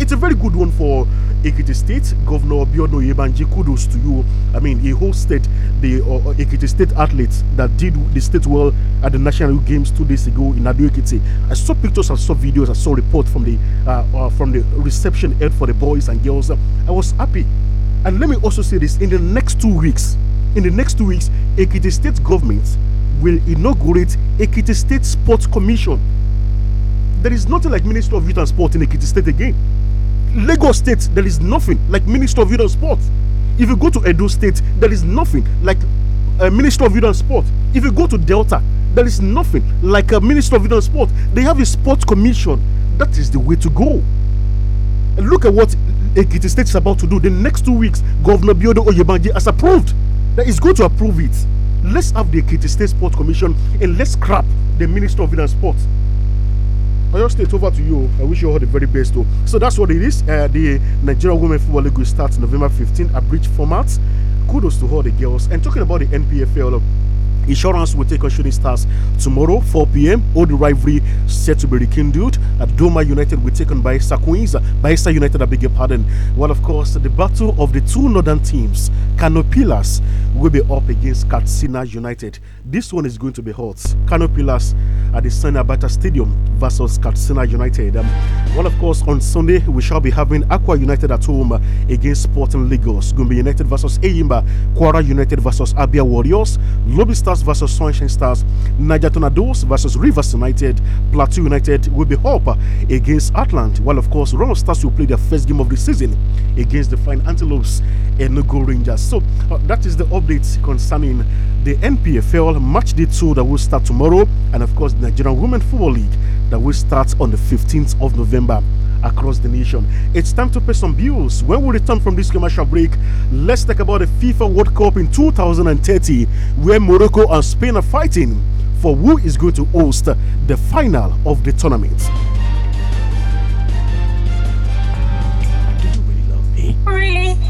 It's a very good one for Ekiti State. Governor Biono Yebanji, kudos to you. I mean, he hosted the uh, uh Ekiti State athletes that did the state well at the national games two days ago in Ado Ekiti. I saw pictures, I saw videos, I saw reports from the uh, uh, from the reception held for the boys and girls. I was happy. And let me also say this: in the next two weeks, in the next two weeks, Ekiti State government will inaugurate Ekiti State Sports Commission. There is nothing like Minister of Youth and Sport in Ekiti State again. Lagos State, there is nothing like Minister of Youth and Sport. If you go to Edo State, there is nothing like uh, Minister of Youth and Sport. If you go to Delta, there is nothing like a uh, Minister of Youth and Sport. They have a sports commission. That is the way to go. And look at what Ekiti State is about to do. The next two weeks, Governor Biodo Oyebanji has approved That is going to approve it. Let's have the Ekiti State Sports Commission and let's scrap the Minister of Youth and Sport. Oyo State over to you. I wish you all the very best though. So that's what it is. Uh, the Nigeria Women Football League will start November 15th at Bridge format. Kudos to all the girls. And talking about the NPFL. Insurance will take on Shooting Stars tomorrow, 4 p.m. All the rivalry set to be rekindled. At Doma United will take on Baisa Queens. Baisa United, I beg your pardon. Well, of course, the battle of the two northern teams, Canopilas, will be up against Katsina United. This one is going to be hot. Kano Pillars at the Sena Bata Stadium versus Katsina United. Um, well, of course, on Sunday, we shall be having Aqua United at home against Sporting Lagos, Gumbi United versus Eyimba, Quara United versus Abia Warriors, Lobby Stars versus Sunshine Stars, Niger Tornadoes versus Rivers United, Plateau United will be up against Atlant. While, of course, Ronald Stars will play their first game of the season against the Fine Antelopes and Go Rangers. So, uh, that is the update concerning the NPFL match day two that will start tomorrow, and of course, the Nigerian Women Football League that will start on the 15th of November across the nation. It's time to pay some bills. When we return from this commercial break, let's talk about the FIFA World Cup in 2030, where Morocco and Spain are fighting for who is going to host the final of the tournament. Do you really love me? Really?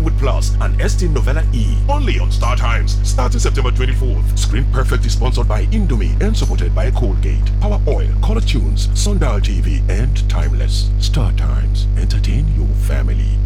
Hollywood Plus and ST Novella E. Only on Star Times, starting September 24th. Screen Perfect is sponsored by Indomie and supported by Colgate, Power Oil, Color Tunes, Sundial TV, and Timeless. Star Times, entertain your family.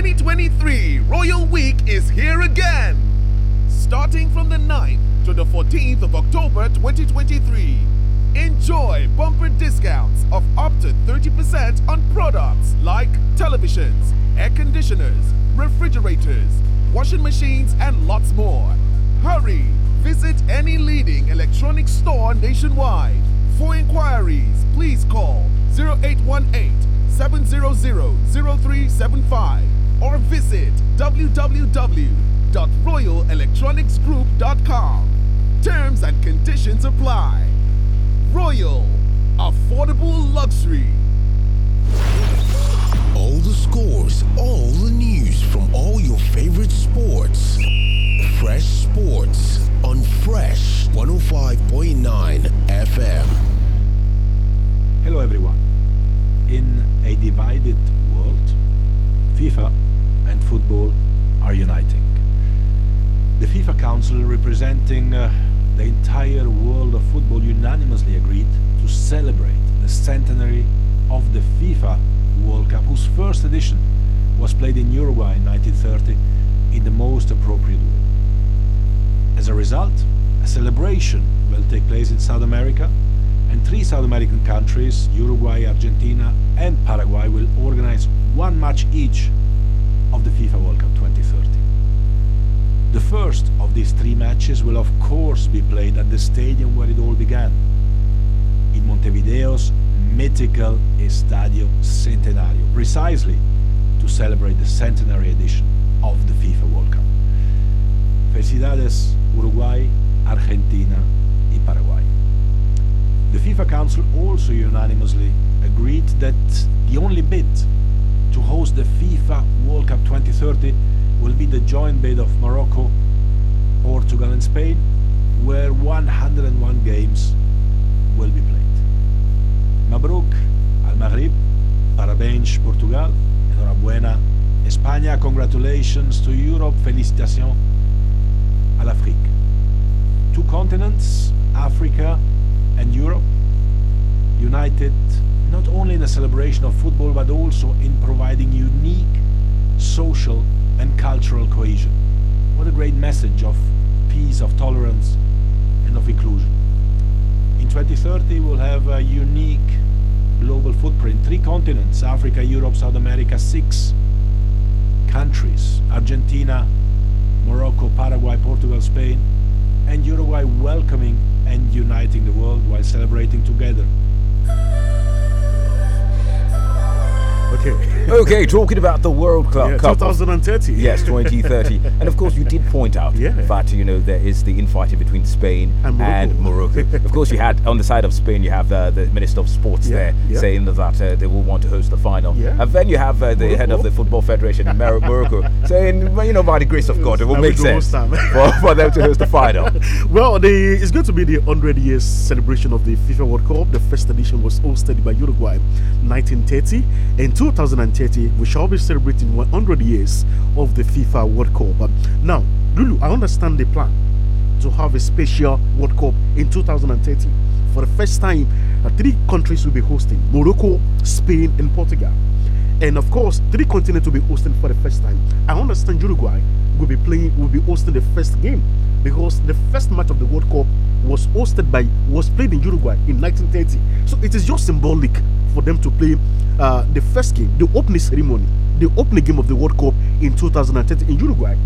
2023 Royal Week is here again. Starting from the 9th to the 14th of October 2023, enjoy bumper discounts of up to 30% on products like televisions, air conditioners, refrigerators, washing machines, and lots more. Hurry! Visit any leading electronics store nationwide. For inquiries, please call 0818 700 0375 or visit www.royalelectronicsgroup.com. Terms and conditions apply. Royal Affordable Luxury. All the scores, all the news from all your favorite sports. Fresh Sports on Fresh 105.9 FM. Hello, everyone. In a divided world, FIFA and football are uniting. The FIFA Council, representing uh, the entire world of football, unanimously agreed to celebrate the centenary of the FIFA World Cup, whose first edition was played in Uruguay in 1930 in the most appropriate way. As a result, a celebration will take place in South America, and three South American countries, Uruguay, Argentina, and Paraguay, will organize one match each of the FIFA World Cup 2030. The first of these three matches will of course be played at the stadium where it all began, in Montevideo's mythical Estadio Centenario, precisely to celebrate the centenary edition of the FIFA World Cup. Felicidades Uruguay, Argentina and Paraguay. The FIFA Council also unanimously agreed that the only bid to host the FIFA World Cup 2030 will be the joint bid of Morocco, Portugal and Spain, where 101 games will be played. Mabruk, Al Maghrib, Parabéns, Portugal, Enhorabuena, España, congratulations to Europe, félicitations à l'Afrique. Two continents, Africa and Europe, united not only in the celebration of football but also in providing unique social and cultural cohesion. What a great message of peace, of tolerance, and of inclusion. In 2030, we'll have a unique global footprint three continents Africa, Europe, South America, six countries Argentina, Morocco, Paraguay, Portugal, Spain, and Uruguay welcoming and uniting the world while celebrating together. Okay okay, talking about the World Club yeah, Cup. 2030. Yes, 2030. and of course, you did point out yeah. that, you know, there is the infighting between Spain and Morocco. And Morocco. of course, you had, on the side of Spain, you have uh, the Minister of Sports yeah, there saying that uh, they will want to host the final. And then you have uh, the Morocco. head of the Football Federation in Morocco saying, you know, by the grace of God, it will make sense for, for, them to host the final. well, the, it's going to be the 100 years celebration of the FIFA World Cup. The first edition was hosted by Uruguay 1930. In 2010, 2030, we shall be celebrating 100 years of the FIFA World Cup. Now, Lulu, I understand the plan to have a special World Cup in 2030. For the first time, uh, three countries will be hosting Morocco, Spain, and Portugal. And of course, three continents will be hosting for the first time. I understand Uruguay will be playing, will be hosting the first game because the first match of the World Cup was hosted by was played in Uruguay in 1930. So it is just symbolic for them to play uh, the first game, the opening ceremony, the opening game of the World Cup in 2010 in Uruguay.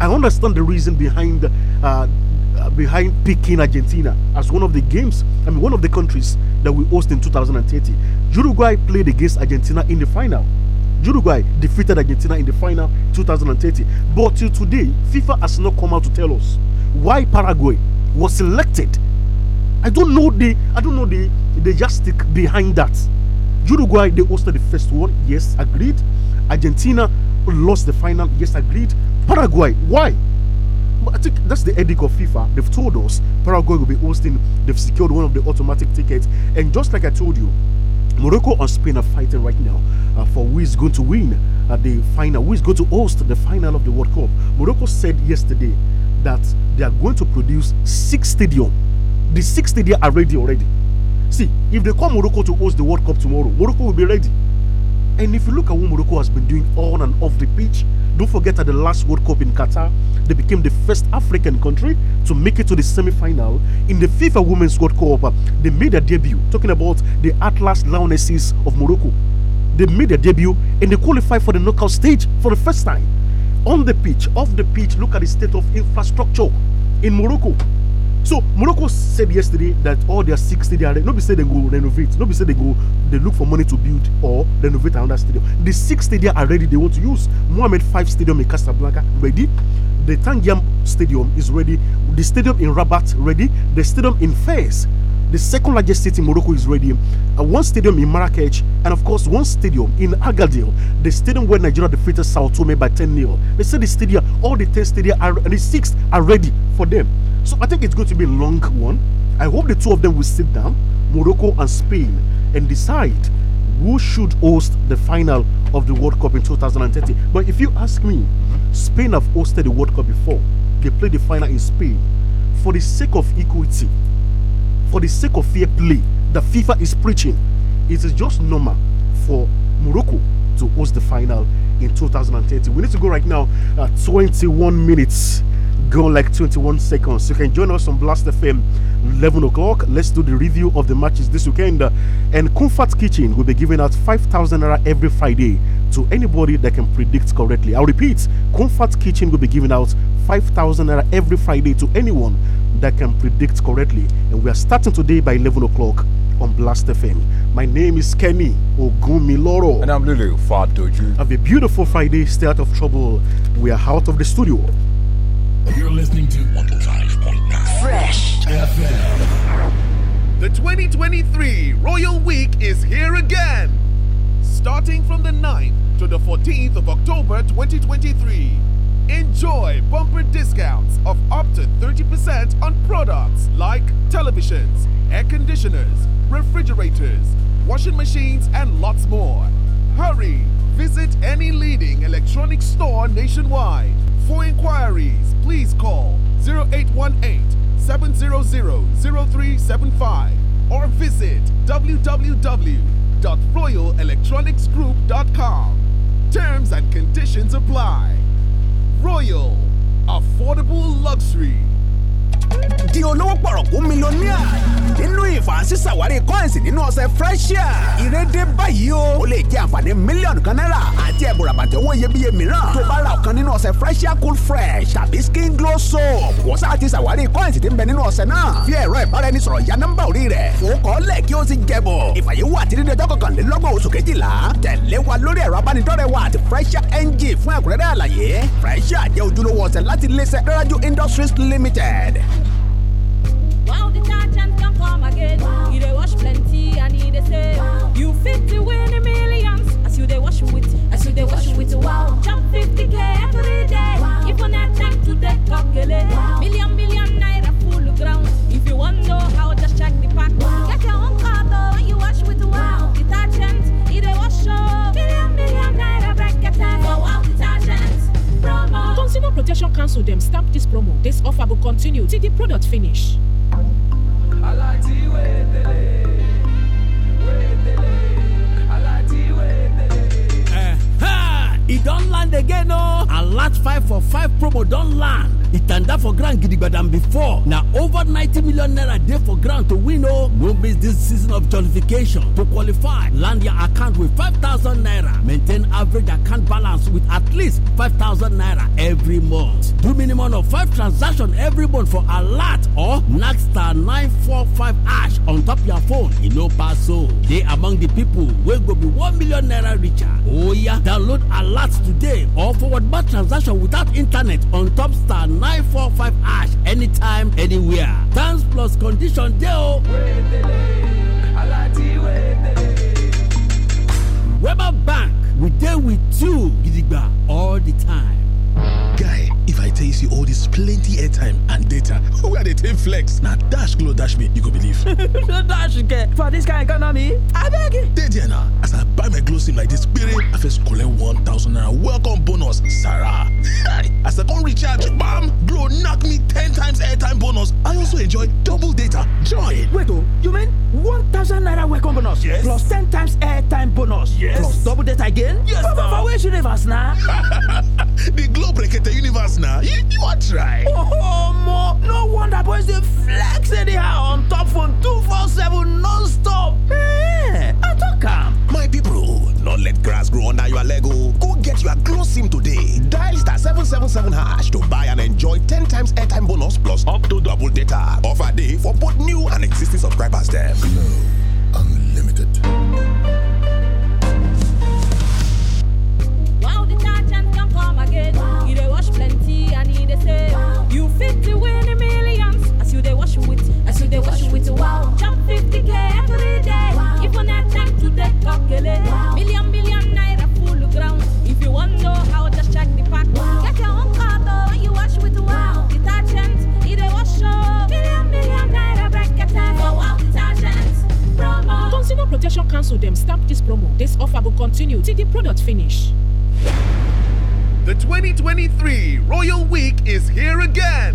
I understand the reason behind uh, uh, behind picking Argentina as one of the games, I mean, one of the countries that we host in 2030. Uruguay played against Argentina in the final. Uruguay defeated Argentina in the final 2030. But till today, FIFA has not come out to tell us why Paraguay was selected. I don't know the I don't know the the yardstick behind that. Uruguay they hosted the first one, yes, agreed. Argentina lost the final, yes, agreed. Paraguay, why? I think that's the edict of FIFA. They've told us Paraguay will be hosting. They've secured one of the automatic tickets, and just like I told you, Morocco and Spain are fighting right now uh, for who is going to win uh, the final, who is going to host the final of the World Cup. Morocco said yesterday that they are going to produce six stadium. The six stadium are ready already. See, if they call Morocco to host the World Cup tomorrow, Morocco will be ready. And if you look at what Morocco has been doing on and off the pitch, don't forget at the last World Cup in Qatar, they became the first African country to make it to the semi-final in the FIFA Women's World Cup. They made their debut, talking about the Atlas Lionesses of Morocco. They made their debut and they qualified for the knockout stage for the first time on the pitch, off the pitch, look at the state of infrastructure in Morocco. So Morocco said yesterday that all their six stadiums, nobody said they go renovate, nobody said they go, they look for money to build or renovate another stadium. The six stadiums are ready, they want to use. Mohamed Five Stadium in Casablanca ready. The Tangiam Stadium is ready. The stadium in Rabat ready. The stadium in Fez the second largest city in Morocco is ready. And uh, one stadium in Marrakech, and of course, one stadium in Agadir, the stadium where Nigeria defeated Sao Tome by 10 0. They said the stadium, all the 10 stadiums, are, and the six are ready for them. So I think it's going to be a long one. I hope the two of them will sit down, Morocco and Spain, and decide who should host the final of the World Cup in 2030. But if you ask me, mm-hmm. Spain have hosted the World Cup before. They played the final in Spain. For the sake of equity, for the sake of fair play that FIFA is preaching, it is just normal for Morocco to host the final in 2030. We need to go right now at uh, 21 minutes, go like 21 seconds. You can join us on Blast FM 11 o'clock. Let's do the review of the matches this weekend. And Comfort Kitchen will be giving out 5,000 Naira every Friday to anybody that can predict correctly. I'll repeat Comfort Kitchen will be giving out 5,000 Naira every Friday to anyone that can predict correctly. And we are starting today by 11 o'clock on Blast FM. My name is Kenny Ogumiloro. And I'm Lulu Fadoju. Have a beautiful Friday. Stay out of trouble. We are out of the studio. You're listening to 105.9 Fresh FM. The 2023 Royal Week is here again. Starting from the 9th to the 14th of October 2023. Enjoy bumper discounts of up to 30% on products like televisions, air conditioners, refrigerators, washing machines, and lots more. Hurry! Visit any leading electronics store nationwide. For inquiries, please call 0818 700 0375 or visit www.royalelectronicsgroup.com. Terms and conditions apply. Royal Affordable Luxury. di olówó pọ̀rọ̀kú mílíọ̀nìà nínú ìfàǹsí ṣàwárí coins nínú ọṣẹ freshia ìrèdè báyìí o ó lè jẹ àǹfààní mílíọ̀nù kan náírà àti ẹ̀bùn ràbàtì owó iyebíye mìíràn tó bá ra ọ̀kan nínú ọṣẹ freshia cool fresh tàbí skin glow soap wọ́n sá ti ṣàwárí coins tí ń bẹ nínú ọṣẹ náà fi ẹ̀rọ ìbáraẹnisọ̀rọ̀ ya nọ́mbà orí rẹ̀ fòókọ́lẹ̀ kí ó sì jẹ̀bọ̀ ìfàyẹ̀wò àti dídé ọjọ́ freshia ng fún ẹ̀kúnrẹ́rẹ́ àlàyé freshia jẹ́ ojúlówó ọṣẹ láti iléeṣẹ́ rárá industries limited Wow, detergent can come again. You they wash plenty and you they say you fit to win the millions. As you they wash with, as you they wash with. Wow, jump 50k every day. If you not time to take million million naira full ground. If you want know how, just check the pack. Get your own car though you wash with. Wow, detergent, you they wash show million million naira bracket. Wow, wow. Consumer Protection Council dem stamp dis promo. Dis offer go continue till di product finish. Eh, e don land again o oh. alert five for five promo don land e tanda for ground gidigba than before na over ninety million naira dey for ground to win o oh. no miss dis season of jollification to qualify land your account with five thousand naira Maintain average account balance with at least 5,000 naira every month. Do minimum of 5 transactions every month for alert or Nagstar 945 ash on top your phone e no pass so. Dey among the people will go be 1 million naira richer. Oh yeah! download alert today or forward bar transaction without internet on top star 945 ash anytime anywhere. Thanks plus condition dey o. Weber Bank, we deal with you, Gidigba, all the time. Guy if I tell you see all this plenty airtime and data Who are they take flex Now dash glow dash me you go believe. dash get for this kind economy abeg. Dey there Diana, as I buy my glow sim like this, spirit, I first collect one thousand naira welcome bonus sarah. as I go recharge bam glow knock me ten times airtime bonus I also enjoy double data join. Wait o oh, you mean one thousand naira welcome bonus yes. plus ten times airtime bonus yes. plus double data again? Yes Where's For where she live as The universe now. You, you want try? Oh, Mo, no wonder boys they flex anyhow on top phone 247 non-stop. Hey, eh, I talk calm. My people, not let grass grow under your Lego. Oh. Go get your glow sim today. Dial star seven seven seven hash to buy and enjoy ten times airtime bonus plus up to double data. Offer day for both new and existing subscribers. Them. Glow Unlimited. come again. Wow. You they watch plenty and he they say wow. you fit to win the millions. As you they watch with, as you they watch with wow. Jump 50k every day. Wow. If on that time to take calculate. Wow. Million million naira full ground. If you want know how, just check the pack. Wow. Get your own car though you watch with wow. wow. Detergent, he they wash show. Million million naira bracket. Wow, wow, detergent. Promo. Consumer Protection Council them stamp this promo. This offer will continue till the product finish. The 2023 Royal Week is here again!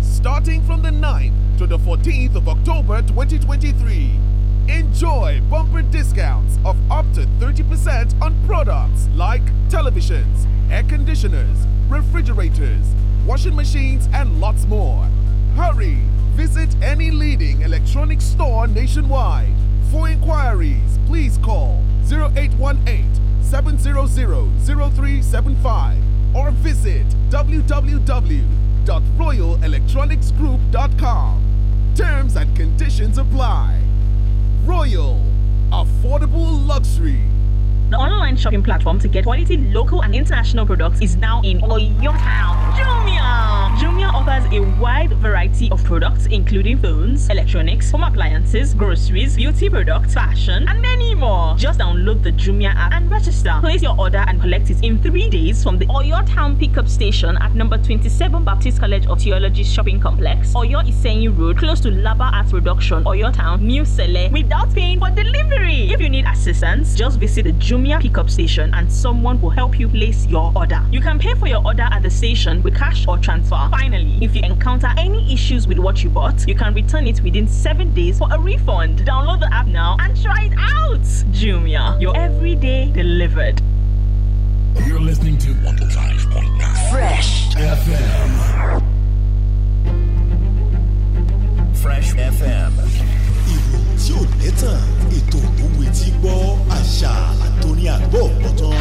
Starting from the 9th to the 14th of October 2023. Enjoy bumper discounts of up to 30% on products like televisions, air conditioners, refrigerators, washing machines, and lots more. Hurry! Visit any leading electronics store nationwide. For inquiries, please call 0818 700-0375 or visit www.royalelectronicsgroup.com. Terms and conditions apply. Royal, affordable luxury. The online shopping platform to get quality local and international products is now in Oyo Town offers a wide variety of products including phones, electronics, home appliances, groceries, beauty products, fashion, and many more. Just download the Jumia app and register. Place your order and collect it in three days from the Oyo Town pickup station at number 27 Baptist College of Theology Shopping Complex, Oyo Isenyi Road, close to Laba Art Production, Oyo Town, New Sele, without paying for delivery. If you need assistance, just visit the Jumia pickup station and someone will help you place your order. You can pay for your order at the station with cash or transfer. Finally, finally, if you encounter any issues with what you bought, you can return it within 7 days for a refund. Download the app now and try it out! Jumia, your everyday delivered. You're listening to 105.9 Fresh FM. Fresh FM. tí ò lẹ́tàn, ètò òwe tí gbọ́, àṣà àtòní àgbọ̀ bọ̀tán.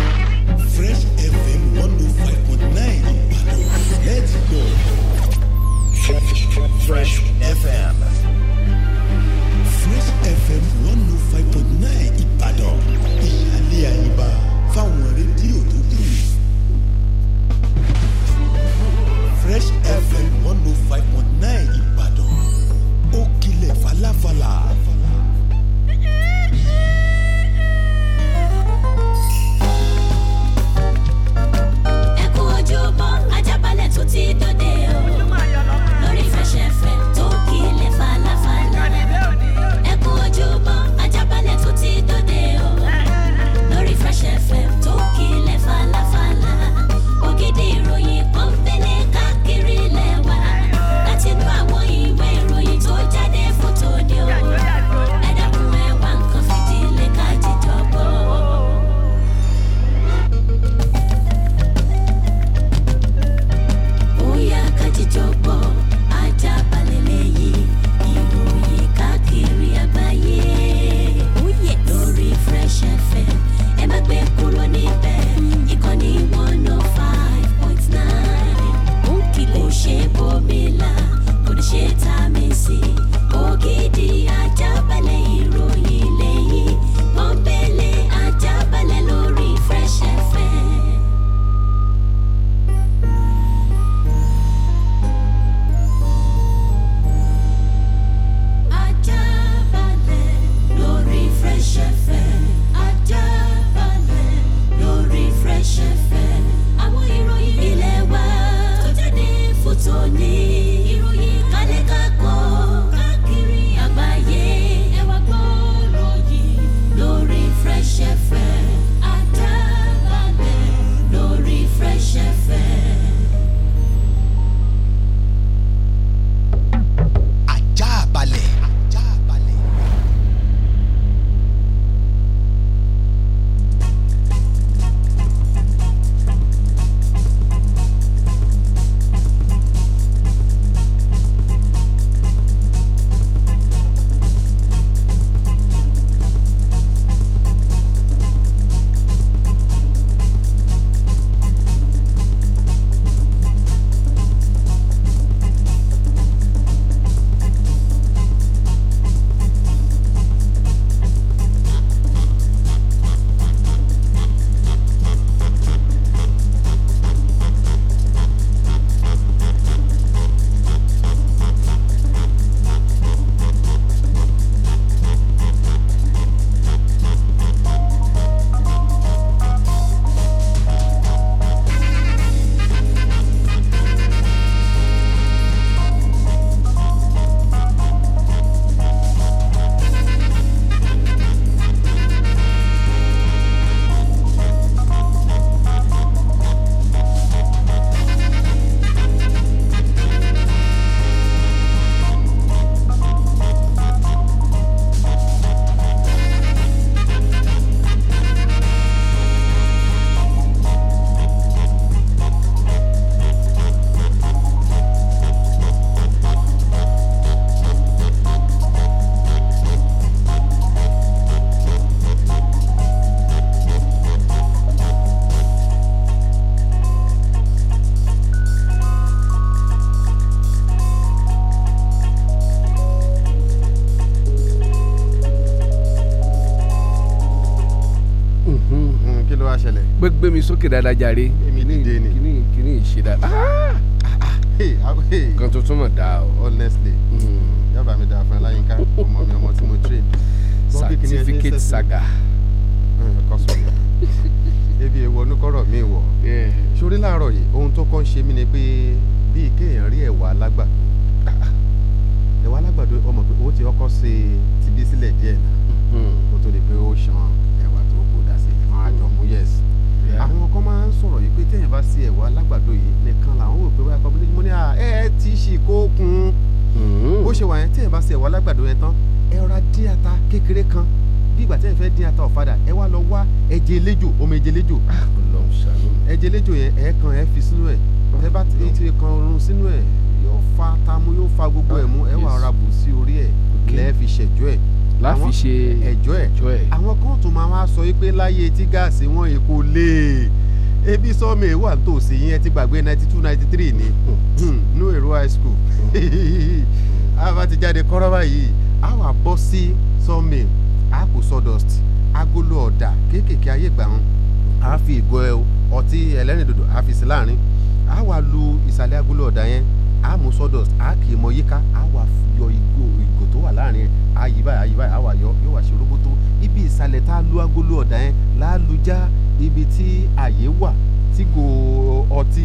Fresh FM 105.9 Ìbàdàn. Let's Fresh FM. Fresh FM 105.9. oh five point nine Ìbàdàn ìyáálé àyíbá fáwọn rédíò tó kù. Fresh FM 105.9. oh five point nine Ìbàdàn ó kilẹ̀ falafala. Ẹ kú ojúbọ Ajábalẹ̀ tó ti dòde o. tidak ada jadi tiẹ̀ wá lágbàdo yìí nìkan làwọn wò pé wáyà community mo ní à ẹ ti ṣì kó kun hmm. bó ṣe wà yẹn tí ẹ bá ṣe wá lágbàdo yẹn tán ẹ rọra dín ata kékeré kan bí ìgbà tí ẹ fẹ́ dín ata ọ̀fadà ẹ wá lọ wá ẹjẹ eléjò ọmọ ẹjẹ eléjò ẹjẹ eléjò yẹn ẹ kan ẹ fi sínú ẹ ẹ bá ti kan run sínú ẹ yóò fa tamu yóò fa gbogbo ẹ mú ẹ wà rà bù sí orí ẹ lẹ́ẹ̀ fi ṣẹ̀jọ́ ẹ̀ láfi ṣe ẹjọ́ ẹ̀ àwọn kan tún máa wá sọ wípé láyé tí gáàsì wọn èkó lè ebi sọmi èèwà ń tòsí yẹn ti gbàgbé ninety two ninety three ni hmm, nú èrò high school àbá ti jáde kọ́rọ́ báyìí a wà bọ́ sí sọmi a kò sawdust agolo ọ̀dà kéékèèké ayé gbà wọn a fi ìgò ọtí ẹlẹ́rìndòdò a fi sí láàrin a wà lu ìsàlẹ̀ agolo ọ̀dà yẹn a mú sawdust a kì í mọ yíká a wà yọ ìgò ìgò tó wà láàrin yẹn a yí báyìí a yí báyìí wà yọ yóò wà ṣe roboto ibi ìsàlẹ̀ tá a lu agolo ọ̀dà yẹn láàlú já ibi tí ààyè wà tí ìgò ọtí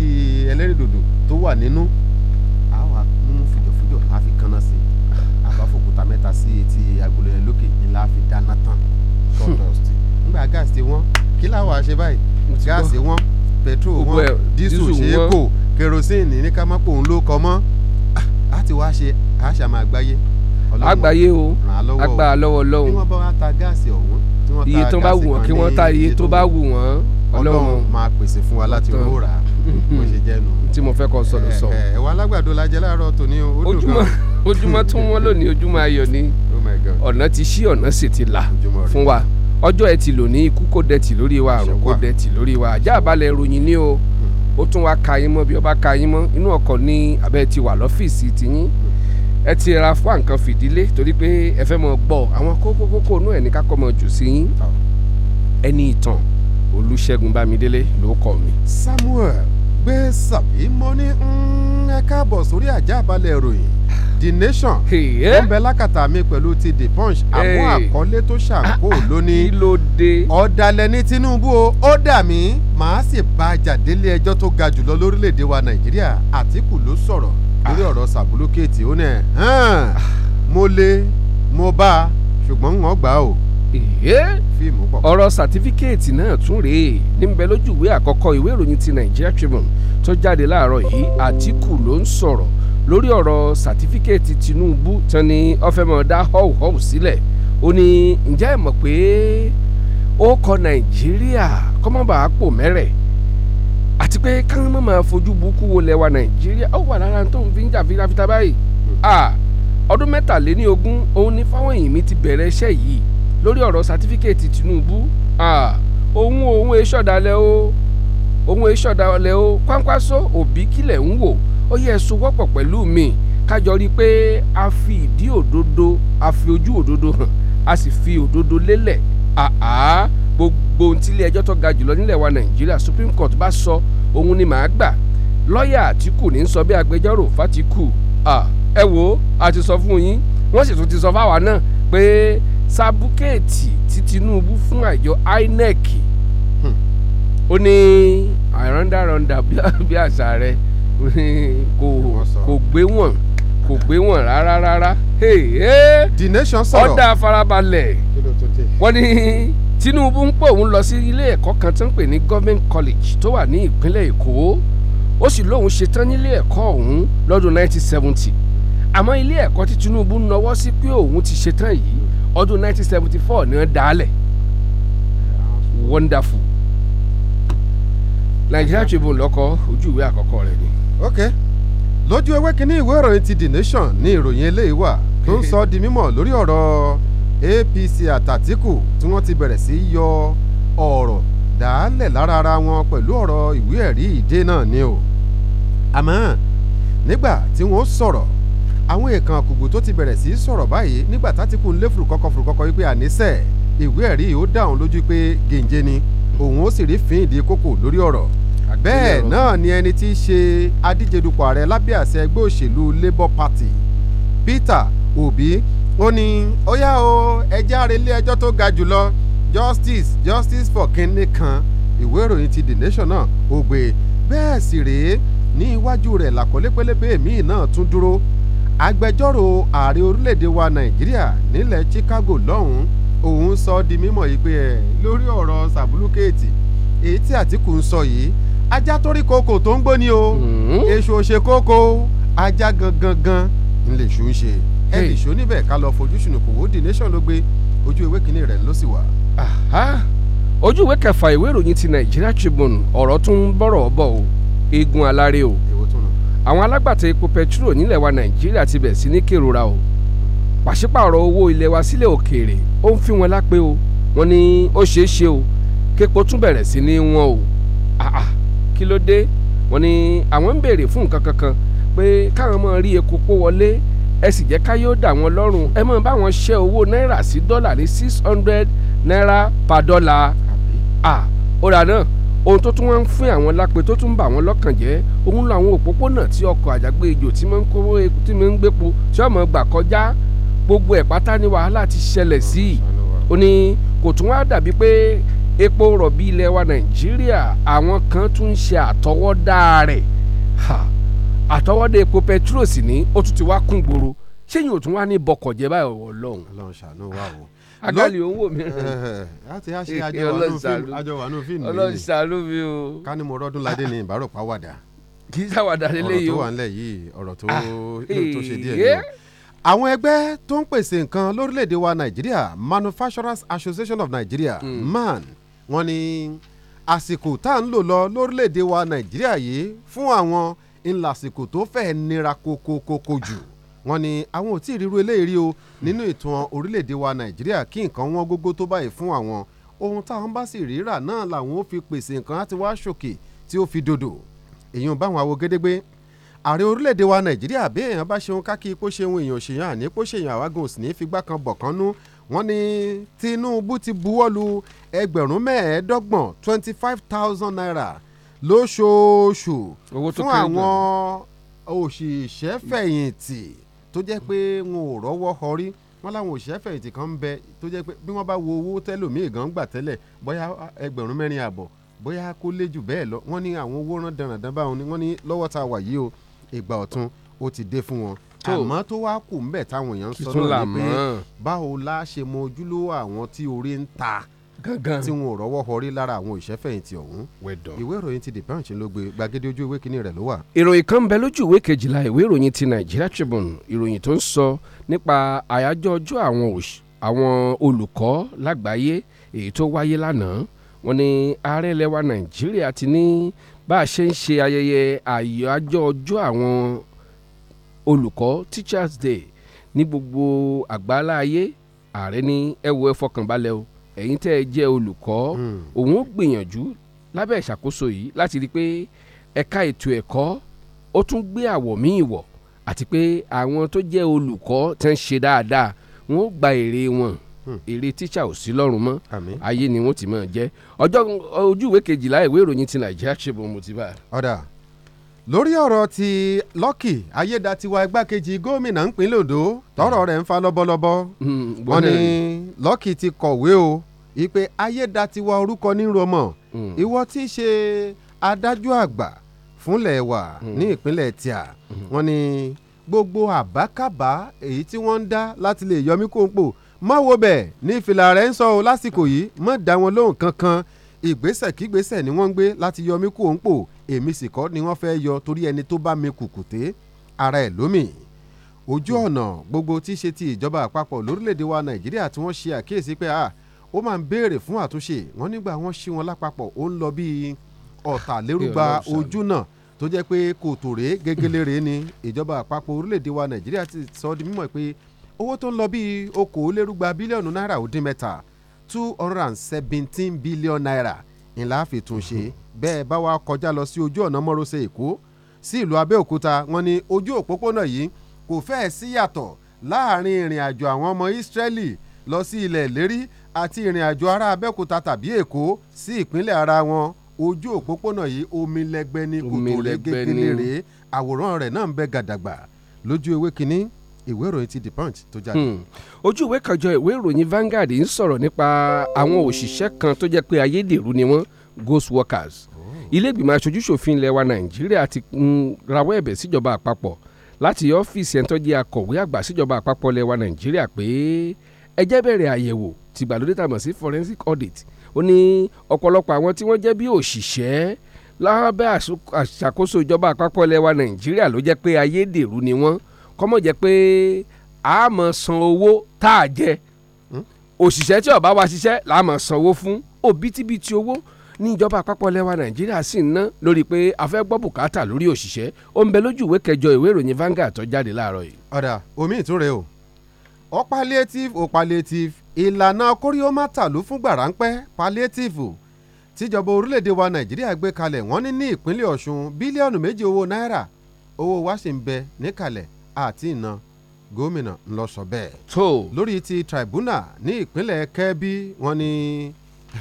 ẹlẹ́rìndòdò tó wà nínú a wà mú fùjọ̀fùjọ̀ a fi kanná sí i a bá fòkúta mẹ́ta sí etí agolo yẹn lókè ńlá fi dáná tán sawdust nígbà gáàsì tí wọ́n kí láwọn àṣẹ báyìí gáàsì wọ́n pẹtrol wọ́n dísù ṣe é kò kerosene ní ká má pò ń ló kọ mọ́ ah, a ti wá ṣe àṣà máa gbáyé àgbáyé o agbára lọ́wọ́ lọ́wọ́ bí wọ́n bá wá ta gáàsì ọ̀hún iye tó bá wù wọ́n kí wọ́n ta iye tó bá wù wọ́n ọlọ́run máa pèsè fún wa láti rówó rà bó ṣe jẹ́ nu. tí mo fẹ́ kọ́ sọ̀rọ̀ sọ. ẹ̀wà alágbàdo la jẹ láàárọ̀ tòní o ó dùn gan. ojúmọ́ tún wọ́n lónìí ojúmọ́ ayọ̀ ni oh ọ̀nà ti ṣí ọ̀nà sì ti là fún wa ọjọ́ ẹtì lónìí ikú kò dẹ̀tì lórí wa àrùn kò dẹ̀tì lórí wa ajá àbálẹ̀ ròyìn ni o hmm. ó tún wá ka yín mọ́ bí ó bá ka yín mọ́ inú ọkọ̀ ni abẹ́ ti wà lọ́fíìsì tiyín hmm ẹ ti ra fún àǹkan fìdílé torí pé ẹ fẹ́ mọ gbọ́ àwọn kókó kókó inú ẹ̀ ní kákọ́ mọ jù sí yín ẹni ìtàn olùṣègùn bámidélé ló kọ mi. samuel gbé sàbí mo ní mm, ẹ káàbọ̀ sórí àjàbalẹ̀ ìròyìn the nation eh? ó ń bẹ lákàtà mi pẹ̀lú ti the punch àmọ́ àkọlé tó ṣàǹkó lónìí ọ̀dàlẹ̀ ní tinubu o ó dà mí màá sì bá a jà délé ẹjọ́ tó ga jùlọ lórílẹ̀‐èdè wa nàìjíríà àtìkù ló sọ̀rọ̀ lórí ọ̀rọ̀ sàbúlókèétì ó nẹ̀ mo lé mo bá ṣùgbọ́n wọ́n gbà ó. fíìmù pọ̀. ọ̀rọ̀ sàtífíkẹ́ẹ̀tì náà tún rèé níbẹ̀ lójú àkọ́kọ́ ìwé ìròyìn ti Nigeria Tribune tó jáde láàárọ̀ yìí Àtíkù ló ń sọ̀rọ̀ lórí ọ̀rọ̀ sàtífíkẹ́ẹ̀tì Tinubu tán ni ọ̀fẹ́mọ̀ dá họ́wùhọ́wù sílẹ̀ ó ní ǹjẹ́ ẹ mọ̀ pé ó kọ Nàìjíríà kọ́mọ́bà àpò mẹ́rẹ̀ẹ́ àti pé káwọn mọ̀ máa fojú burúkú wo lẹ́wà nàìjíríà ó wà lára tó ń fi ń jà fitafita báyìí ọdún mẹ́tàléní ogún òun ni Fáwẹ̀hìnmí ti bẹ̀rẹ̀ iṣẹ́ yìí lórí ọ̀rọ̀ sátífíkẹ́ẹ̀tì Tinubu òun òun eṣọ́dalẹ̀ o òun eṣọ́dalẹ̀ o Kwankwaso òbí kílẹ̀ ń wò ó yẹ ẹ̀sùn wọ́pọ̀ pẹ̀lú mi kájọ rí i pé a fi ìdí òdodo a fi ojú òdodo hàn a sì fi òdodo lélẹ̀ àá gbogbo ohun tí ilé ẹjọ́ tó ga jùlọ nílẹ̀ wa Nàìjíríà Supreme Court bá sọ òun ni màá gbà lọ́ọ̀yà àtìkù ní sọ bí agbẹjọ́rò fàtìkù ẹ wo a ti sọ fún yín wọ́n sì tún ti sọ fáwa náà pé sábúkẹ́ẹ̀tì tí Tinubu fún àjọ INEC hmm. ó ní àrọ́ndàrọ́ndà bí àṣà rẹ̀ kò gbé wọn kò gbé wọn rárá rárá. the nation sọ̀rọ̀ ọ̀dà farabalẹ̀ wọ́n ní. Tinubu ń pé òun lọ sí ilé ẹ̀kọ́ kan tó ń pè ní Government College tó wà ní ìpínlẹ̀ Èkó ó sì lóun ṣetán nílé ẹ̀kọ́ ọ̀hún lọ́dún 1970 àmọ́ ilé ẹ̀kọ́ tí Tinubu nawọ́ sí pé òun ti ṣetán yìí ọdún 1974 ni wọ́n dálẹ̀ wonderful Nigeria Tribune lọ́kọ́ ojú ìwé àkọ́kọ́ rẹ̀ ni. ok lójú ewé kínní ìwé ìròyìn ti The Nation ní ìròyìn eléyìí wà tó ń sọ di mímọ̀ lórí ọ̀rọ̀ APC àtàtìkù tí wọ́n ti bẹ̀rẹ̀ sí í yọ ọ̀rọ̀ dàálẹ̀ lára ara wọn pẹ̀lú ọ̀rọ̀ ìwé ẹ̀rí ìdè náà ni o àmọ́ nígbà tí wọ́n sọ̀rọ̀ àwọn èèkàn àkùgbù tó ti bẹ̀rẹ̀ sí í sọ̀rọ̀ báyìí nígbà tátìkù ń lé fùrùkọ́kọ́ fùrùkọ́kọ́ wípé àníṣe ìwé ẹ̀rí yìí ó dá òun lójú pé gèǹje ni òun ó sì rí fín ìdí kókò lórí ọ̀rọ̀ bẹ́ẹ̀ náà ni ẹni tí í ṣe adíjedupò ààrẹ lábẹ́ àṣẹ ẹgbẹ́ òṣèlú Labour Party Peter Obi ó ní ó yá o ẹjẹ́ àrèlé ẹjọ́ tó ga jùlọ justice justice for kínní kan ìwé ìròyìn ti the nation náà ò gbé e. bẹ́ẹ̀ sì rèé ní iwájú rẹ̀ làkọlé pélébé míì náà tún dúró agbẹjọ́rò ààrẹ orílẹ̀-èdè wa nàìjíríà nílẹ̀ chicago lọ́hùn-ún òun sọ di mímọ̀ yìí pé ẹ̀ lórí ọ̀rọ̀ sàbúlùkẹ́ẹ̀tì èyí tí àtìkù ń sọ yìí ajá torí kòkò tó ń gbóni o hmm? èso ṣe kókó ajá gangan gan ńlẹ̀ ṣù ń ṣe. English oníbẹ̀ ká lọ fojú sunùkù wò The Nation ló gbé ojú ewé kínní rẹ̀ ló sì wà. ojú ìwé kẹfà ìwé ìròyìn ti Nigeria Tribune ọ̀rọ̀ tún ń bọ̀rọ̀ bọ̀ o eegun alárè o àwọn alágbàtà epo pẹtiró nílẹ̀ wa Nàìjíríà ti bẹ̀ sí ní kérora o pàṣípààrọ̀ owó ilẹ̀ wa sílẹ̀ òkèèrè ó ń fi wọn lápé o wọn ni ó ṣeé ṣe o képo tún bẹ̀rẹ̀ sí ní wọn o àà kí ló dé wọn ni àwọn ń béèrè fún nǹkan kankan pé káwọn máa rí epo kó wọlé ẹ sì jẹ́ káyé ó dà wọ́n lọ́rùn ẹ máa bá wọn ṣẹ́ owó náírà sí dọ́là ní six hundred náírà per dollar ah ọ̀rà ohun tó tún wá ń fún àwọn lápè tó tún ń bà wọ́n lọ́kàn jẹ́ òun làwọn òpópónà tí ọkọ̀ àjàgbé ejò tí mo ń kówó tí mo ń gbépo tí ọmọ gbà kọjá gbogbo ẹ̀ pátá ni wàhálà ti ṣẹlẹ̀ sí i ó ní kò tún wá dàbí pé epo rọ̀bì ilẹ̀ wa nàìjíríà àwọn kan tún ń ṣe àtọwọ́dá rẹ̀ ha àtọwọ́dé epo pẹtiró sì ní ó tún ti wá kún gbòòrò ṣéyìn ò tún wá ní bọkọ̀ jẹ́ báyìí ọ̀wọ̀ ọlọ́run. ọlọ́run ṣàánú wa o. agali owó mi. láti á ṣe àjọ wà nù fíìmù yìí ọlọ́run ṣàánú mi o. ká ní mo rọ́dún ládé ní ìbárọ̀pá wàdà. kì í ṣàwàdà lélẹ́ yìí o ọ̀rọ̀ tó wà nílẹ̀ yìí ọ̀rọ̀ tó ah, ṣe díẹ̀ ni eh. àwọn ẹgbẹ́ tó ń pèsè nǹkan lórílẹ̀‐èdè wa nàìjíríà manufacturers association of nigeria hmm. man wọ́n ní àsìkò tá à ń lò lọ lórílẹ̀‐èdè wa nàìjíríà yìí fún àwọn ńlásìkò tó fẹ́ẹ́ nira kokokoko jù wọ́n ní àwọn ò tí ì ríru eléyìí rí o nínú ìtàn orílẹ̀-èdè wa nàìjíríà kí nǹkan wọn gógó tó báyìí fún àwọn ohun táwọn bá sì ríra náà làwọn ó fi pèsè nǹkan láti wá ṣòkè tí ó fi dòdò èèyàn báwọn awo gédégbé ààrẹ orílẹ̀-èdè wa nàìjíríà bí èèyàn bá ṣeun kákí kó ṣeun èèyàn ṣèyàn àní kó ṣèyàn àwágùn sì ní figbá kan bọ̀ kan nú wọ́n ní Tinubu ti buwọ́ ẹgbẹ̀rún mẹ́ẹ̀ẹ́dọ́gbọ̀n twenty five thousand naira lóṣooṣù fún àwọn òṣìṣẹ́ fẹ̀yìntì tó jẹ́ pé wọn ò rọ́wọ́ họrí wọn láwọn òṣìṣẹ́ fẹ̀yìntì kan ń bẹ tó jẹ́ pé bí wọ́n bá wo owó tẹ́lòmíì gan gbà tẹ́lẹ̀ bóyá ẹgbẹ̀rún mẹ́rin àbọ̀ bóyá kó lé jù bẹ́ẹ̀ lọ wọ́n ní àwọn owó rán dandan báwọn ni wọ́n ní lọ́wọ́ tá wà yìí o ìgbà ọ̀tun ó ti dé fún wọn àmọ́ tó wá kù ń bẹ̀ táwọn èèyàn ń sọ náà ni pé báwo la ṣe mọ ojúlówó àwọn tí orí ń ta gangan tí wọn ò rọ́wọ́ họrí lára àwọn òṣìṣẹ́fẹ̀yìntì ọ̀hún ìwé ìròyìn ti the punch ló gbé gbàgede ojú ìwé kínní rẹ̀ ló wà. ìròyìn kan bẹ lójú ìwé kejìlá ìwé ìròyìn ti Nigeria Tribune ìròyìn tó ń sọ nípa àyájọ́ ọjọ́ àwọn olùkọ́ lágbàáyé èyí tó wáyé lánàá wọ́n ní ààrẹ ilẹ̀ Nàìjíríà ti ní bá a ṣe ń ṣe ayẹyẹ àyájọ́ ọjọ́ àwọn olùkọ́ Teachers Day ní gbogbo àgbáláyé ààrẹ ní ẹ wo ẹ fọkànbalẹ̀ o ẹ̀yin tẹ́ ẹ jẹ́ olùkọ́ hmm. òun ó gbìyànjú lábẹ́ ìṣàkóso yìí láti rí i pé ẹ̀ka ètò ẹ̀kọ́ ó tún gbé àwọ̀ míì wọ̀ àti pé àwọn tó jẹ́ olùkọ́ tẹ́ ń ṣe dáadáa wọ́n ó gba èrè wọn hmm. èrè tíṣà ò sí lọ́rùn mọ́ ayé ni wọ́n ti máa jẹ́ ọjọ́ ojú ìwé kejìlá ìwé ìròyìn ti nàìjíríà ṣe bọ̀ mo ti bá a. ọ̀dà lórí ọ̀rọ̀ ti Lucky Ayédatiwa igbákejì gómìnà ńpínlẹ̀ Ondo tọ́rọ̀ hmm. rẹ̀ ń fa lọ́bọ̀lọ́bọ̀ hmm, wọ́n ní Lucky ti kọ̀wé o ìpè Ayédatiwa orúkọ nírú ọmọ hmm. ìwọ tí í ṣe adájọ́ àgbà fúnlẹ̀ wà ní ìpínlẹ̀ tíà wọ́n ní gbogbo àbákàbá èyí tí wọ́n ń dá láti lè yọmí kóńpò má wo bẹ́ẹ̀ ní fìlà rẹ̀ ń sọ o lásìkò yìí má dá wọn lóhùn kankan ìgbésẹ̀ kígbésẹ̀ ni wọ́n ń gbé láti yọmí kóńpò èmi sì kọ́ ni wọ́n fẹ́ yọ torí ẹni tó bá mi kùkùté ara ẹ̀ lómì ojú ọ̀nà gbogbo tí í ṣe ti ìjọba àpapọ̀ lórílẹ̀‐èdè wa nàìjíríà tí wọ́n ṣe àkíyèsí pé ah ó máa ń béèrè fún àtúnṣe wọ́n nígbà wọ́n ṣí wọn lápapọ̀ ó ń lọ bíi ọ̀tàlérúgba ojú náà tó jẹ́ pé kòtò rèé gegele rèé ni ìjọba àpapọ̀ orílẹ̀‐èdè wa nàìjíríà ti sọ ọ́ di mímọ̀ pé owó tó ń lọ bíi okòólérúgba bílíọ̀nù náírà ó dín mẹ́ta two hundred and seventeen billion naira ńlá fi tún mhm. bẹ́ẹ̀ bá wa kọjá lọ sí ojú ọ̀nà mọ́rọ́sẹ̀ èkó sí ìlú abẹ́òkúta wọ́n ní ojú òpópónà yìí kò fẹ́ẹ̀ sí yàtọ̀ láàrin ìrìn àjò àwọn ọmọ ìsírẹ́lì lọ sí ilẹ̀ ìlérí àti ìrìn àjò ará abẹ́òkúta tàbí èkó sí ìpínlẹ̀ ara wọn ojú òpópónà yìí omi lẹgbẹ ní kòtò rẹ gẹgẹlẹ rèé àwòrán rẹ̀ náà ń bẹ gàdàgbà lójú ewé kínní ìwé ìròyìn ti the punch tó jáde. Hmm. ojú ìwé kanjọ ìwé ìròyìn Vanguard ń sọ̀rọ̀ nípa àwọn òṣìṣẹ́ kan tó jẹ́ pé ayédèrú ni wọ́n ghost workers. Oh. ilé ìgbìmọ̀ aṣojúṣòfin ilẹ̀ wa Nàìjíríà ti hmm, rawọ́ ẹ̀bẹ̀ síjọba àpapọ̀ láti ọ́fíìsì ẹ̀ńtọ́ jẹ́ akọ̀wé àgbà síjọba àpapọ̀ ilẹ̀ wa Nàìjíríà pé ẹ bẹ̀rẹ̀ àyẹ̀wò tìgbàlódé tàbí sí forensic audit ó ní ọ̀pọ̀lọpọ̀ àwọn tí wọ́n jẹ́ bí òṣìṣẹ́ lábẹ́ àṣàkóso ìjọba àpapọ̀ ilẹ̀ wa Nàìjíríà ló jẹ́ pé ayédèrú ni wọ́n kọ́mọ̀ jẹ́ pé a máa san owó tá a jẹ hmm? òṣìṣẹ́ tí ó wa ṣiṣẹ́ la máa san owó fún òbítíbitì owó ní ìjọba àpapọ̀ lẹ́wà nàìjíríà sì ń ná lórí pé a fẹ́ gbọ́ bùkátà lórí òṣìṣẹ́ ó ń bẹ lójú ìwé kẹjọ ìwé ìròyìn Vanguard tó jáde láàárọ̀ yìí. ọ̀dà omi ìtúre o ọ palliative ò palliative ìlànà kórìómátàlú fúngbà ráńpẹ́ palliative tíjọba orílẹ̀-èdè wa nàìjíríà gbé kalẹ̀ wọ́n ní ní ìpínlẹ̀ ọ̀ṣun bílíọ̀nù méjì owó náírà owó wa sì ń bẹ níkàlẹ̀ àti ìná gómìnà ńlọ sọ bẹ́ẹ̀. tó lórí ti tribunal ní ìpínlẹ̀ kẹ́bí wọ́n ní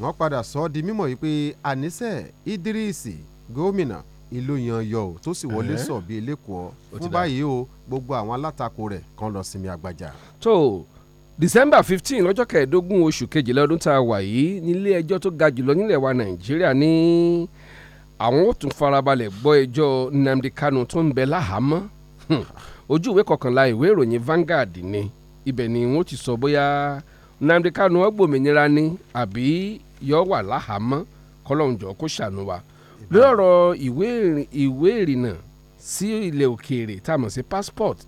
wọ́n padà sọ ọ́ di mímọ̀ yìí pé ànísẹ́ Idrisi gómìnà ìlú yanyọ o tó sì wọlé sọ bíi lẹ́kọ̀ọ́ fún báyìí o gbogbo àwọn alátakò rẹ̀ kan lọ sinmi àgbàjà. tó december fifteen lọ́jọ́ kẹẹ̀ẹ́dógún oṣù kejìlá ọdún tá a wà yìí nílé ẹjọ́ tó ga jùlọ nílẹ̀ wa nàìjíríà ní àwọn ò tún farabalẹ̀ gbọ́ ẹjọ́ nnamdi kanu tó ń bẹ láhàámọ́ ojú ìwé kọkànlá ìwé ìròyìn Vanguard ni ibẹ̀ ni wọ́n ti sọ bóyá Nnamdi Kanu ọgbòmìnira ni àbí yọ wà láhàámọ́ kọlọ́njọ́ kó ṣàánú wa lórí ọ̀rọ̀ ìwé ìrìnnà sí ilẹ̀ òkèèrè tá a mọ̀ sí passport